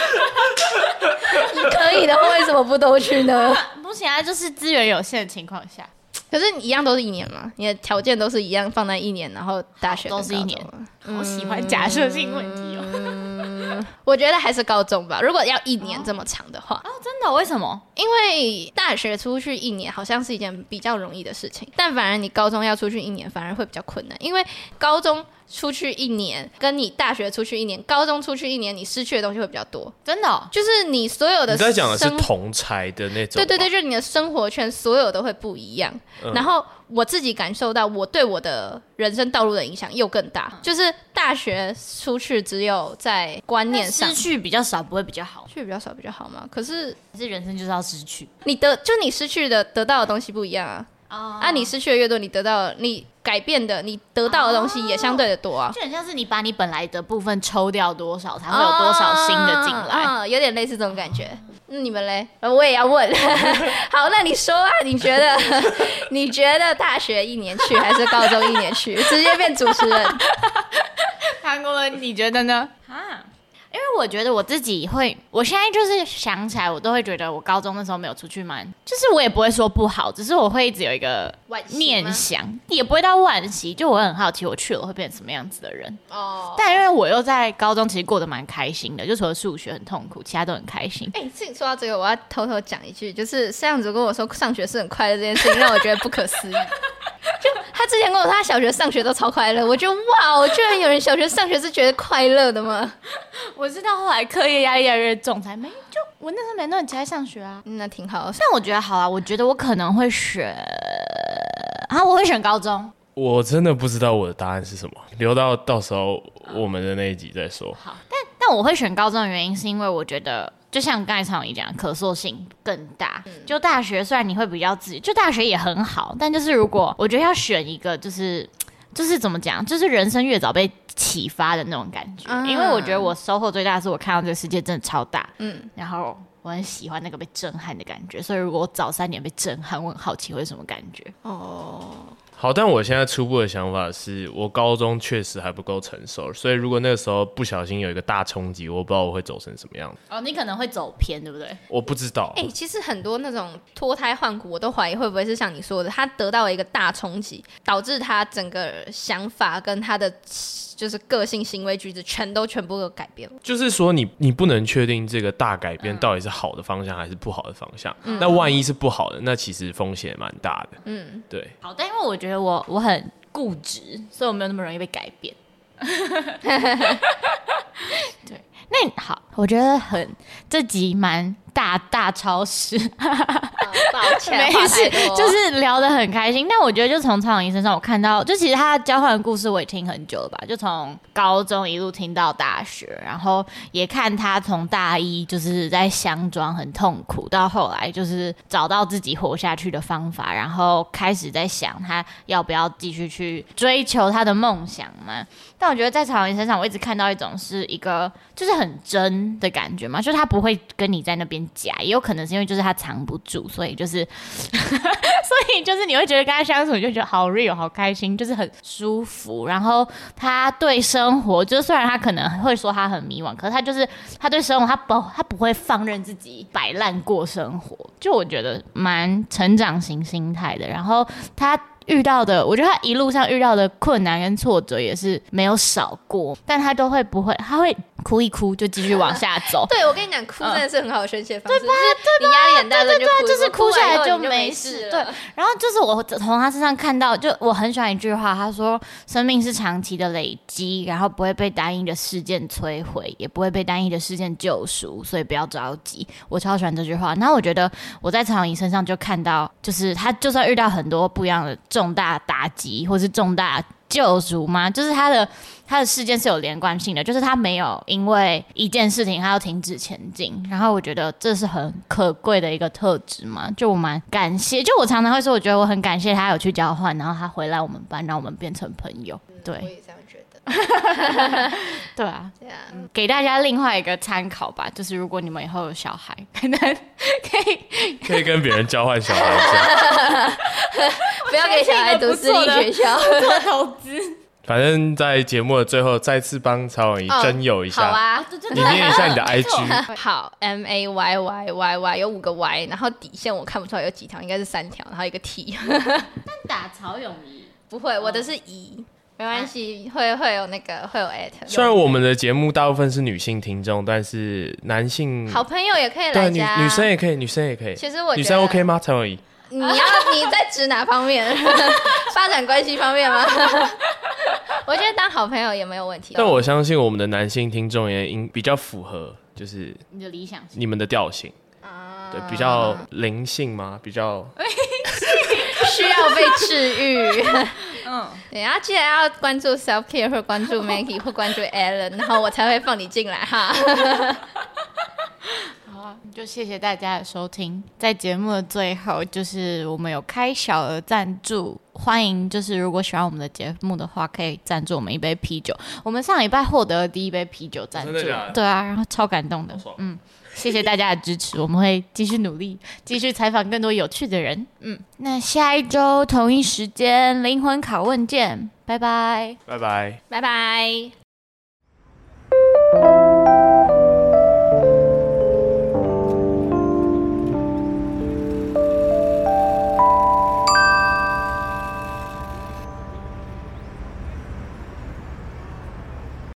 全都 [LAUGHS] 你可以的話，為什麼不都去呢？啊、不行啊，就是資源有限的情況下。可是你一樣都是一年嘛，你的條件都是一樣，放在一年，然後大學都是一年。嗯、我喜歡假設性問題哦。嗯嗯、 [LAUGHS] 我覺得還是高中吧。如果要一年這麼長的話哦，哦，真的？為什麼？因為大學出去一年好像是一件比較容易的事情，但反而你高中要出去一年反而會比較困難，因為高中。出去一年，跟你大學出去一年、高中出去一年，你失去的東西會比較多，真的、哦。就是你所有的生，你在講的是同儕的那種。對對對，就是你的生活圈，所有都會不一樣、嗯。然後我自己感受到，我對我的人生道路的影響又更大、嗯。就是大學出去，只有在觀念上失去比較少，不會比較好。失去比較少比較好嗎？可是，這人生就是要失去。你得就你失去的，得到的東西不一樣啊。Oh. 啊，那你失去的越多，你得到，你改變的，你得到的東西也相對的多啊、oh.。就很像是你把你本來的部分抽掉多少，才會有多少新的進來、oh.，oh. oh. 有點類似這種感覺。那、oh. 你們嘞？我也要問。Oh. [LAUGHS] 好，那你說啊？你覺得？ [LAUGHS] 你覺得大學一年去還是高中一年去， [LAUGHS] 直接變主持人？唐 [LAUGHS] 國倫，你覺得呢？啊、huh?。因為我覺得我自己會，我現在就是想起來，我都會覺得我高中那時候沒有出去玩，就是我也不會說不好，只是我會一直有一個念想，也不會到惋惜，就我很好奇，我去了會變成什麼樣子的人哦。但因為我又在高中其實過得蠻開心的，就除了數學很痛苦，其他都很開心。哎、欸，自己說到這個，我要偷偷講一句，就是這樣子跟我說上學是很快樂這件事情， [LAUGHS] 讓我覺得不可思議。就他之前跟我說，他小學上學都超快樂，我就哇，我居然有人小學上學是覺得快樂的嗎？我。 [LAUGHS] 我知道後來課業壓力越來越重才沒，就我那時候沒那麼急著上學啊，嗯、那挺好的。但我覺得好啊，我覺得我可能會選啊，我會選高中。我真的不知道我的答案是什麼，留到到時候我們的那一集再說。啊、好，但但我會選高中的原因是因為我覺得，就像剛才常偉講，可塑性更大。就大學雖然你會比較自己，就大學也很好，但就是如果我覺得要選一個，就是。就是怎麼講，就是人生越早被啟發的那種感覺，嗯，因為我覺得我收穫最大的是我看到這個世界真的超大，嗯，然後我很喜歡那個被震撼的感覺，所以如果我早三年被震撼，我很好奇會是什麼感覺哦。好，但我現在初步的想法是，我高中確實還不夠成熟，所以如果那個時候不小心有一個大衝擊，我不知道我會走成什麼樣子。哦，你可能會走偏，對不對？我不知道。哎、欸欸，其實很多那種脫胎換骨，我都懷疑會不會是像你說的，他得到了一個大衝擊，導致他整個想法跟他的就是個性、行為舉止全都全部都改變了。就是說你，你你不能確定這個大改變到底是好的方向還是不好的方向。嗯，那萬一是不好的，那其實風險蠻大的。嗯，對。好，但因為我覺得。覺得我我很固執，所以我沒有那麼容易被改變。 [LAUGHS] [LAUGHS] [LAUGHS] 對，那好，我覺得很這集蠻。大大超市，哦，抱歉 [LAUGHS] 沒事，就是聊得很開心。但我覺得，就從曹詠沂身上，我看到，就其實他交換的故事，我也聽很久了吧？就從高中一路聽到大學，然後也看他從大一就是在香粧很痛苦，到後來就是找到自己活下去的方法，然後開始在想他要不要繼續去追求他的夢想嘛。但我覺得，在曹詠沂身上，我一直看到一種是一個就是很真的感覺嘛，就是他不會跟你在那邊。假也有可能是因為就是他藏不住，所以就是， [LAUGHS] 所以就是你會覺得跟他相處，你就覺得好 real，好開心，就是很舒服。然後他對生活，就是雖然他可能會說他很迷惘，可是他就是他對生活，他不他不會放任自己擺爛過生活，就我覺得蠻成長型心態的。然後他。遇到的，我覺得他一路上遇到的困難跟挫折也是沒有少過，但他都會不會，他會哭一哭就繼續往下走。 [LAUGHS] 對，我跟你講，哭真的是很好的宣洩方式，嗯、對吧？對吧？就是、對，對對對，就是哭下來就沒事對，然後就是我從他身上看到，就我很喜歡一句話，他說：“生命是長期的累積，然後不會被單一的事件摧毀，也不會被單一的事件救贖，所以不要着急。”我超喜歡這句話。然後我覺得我在曹詠沂身上就看到，就是他就算遇到很多不一樣的。重大打擊或是重大救贖嗎？就是他的他的事件是有連貫性的，就是他沒有因為一件事情他要停止前進。然後我覺得這是很可貴的一個特質嘛，就我蠻感謝。就我常常會說，我覺得我很感謝他有去交換，然後他回來我們班，讓我們變成朋友。對。嗯 [LAUGHS] [LAUGHS] 對啊，對啊、嗯，給大家另外一個參考吧，就是如果你們以後有小孩，可能可以可以跟別人交換小孩一下， [LAUGHS] [LAUGHS] 不要給小孩讀私立學校，做投資。反正，在節目的最後，再次幫曹詠沂徵友一下，哦、好吧、啊，你念一下你的 I G，、啊、好 M A Y Y Y Y，有五個 Y，然後底線我看不出來有幾條，應該是三條，然後一個 T。那 [LAUGHS] 打曹詠沂不會，我的是一。沒關係、啊，會會有那個會有艾特。雖然我們的節目大部分是女性聽眾、嗯，但是男性好朋友也可以來對女，女生也可以，女生也可以。其實我女生 OK 嗎？陳偉儀？你要你在指哪方面？ [LAUGHS] [LAUGHS] 發展關係方面嗎？ [LAUGHS] 我覺得當好朋友也沒有問題。但我相信我們的男性聽眾也應該比較符合，就是你的理想性，你們的調性啊、嗯，對，比較靈性嗎？比較 [LAUGHS] 需要被治癒。 [LAUGHS] [LAUGHS] 嗯，等下、啊、既然要關注 self care，或關注 Maggie，或關注 Alan [LAUGHS] 然後我才會放你進來 [LAUGHS] 哈。 [LAUGHS] 好啊，就謝謝大家的收聽。在節目的最後，就是我們有開小額贊助，歡迎就是如果喜歡我們的節目的話，可以贊助我們一杯啤酒。我們上禮拜獲得了第一杯啤酒贊助，對啊，然後超感動的，嗯。謝謝大家的支持，我們會繼續努力，繼續採訪更多有趣的人。嗯，那下一周同一時間《靈魂拷問》見，拜拜，拜拜，拜拜。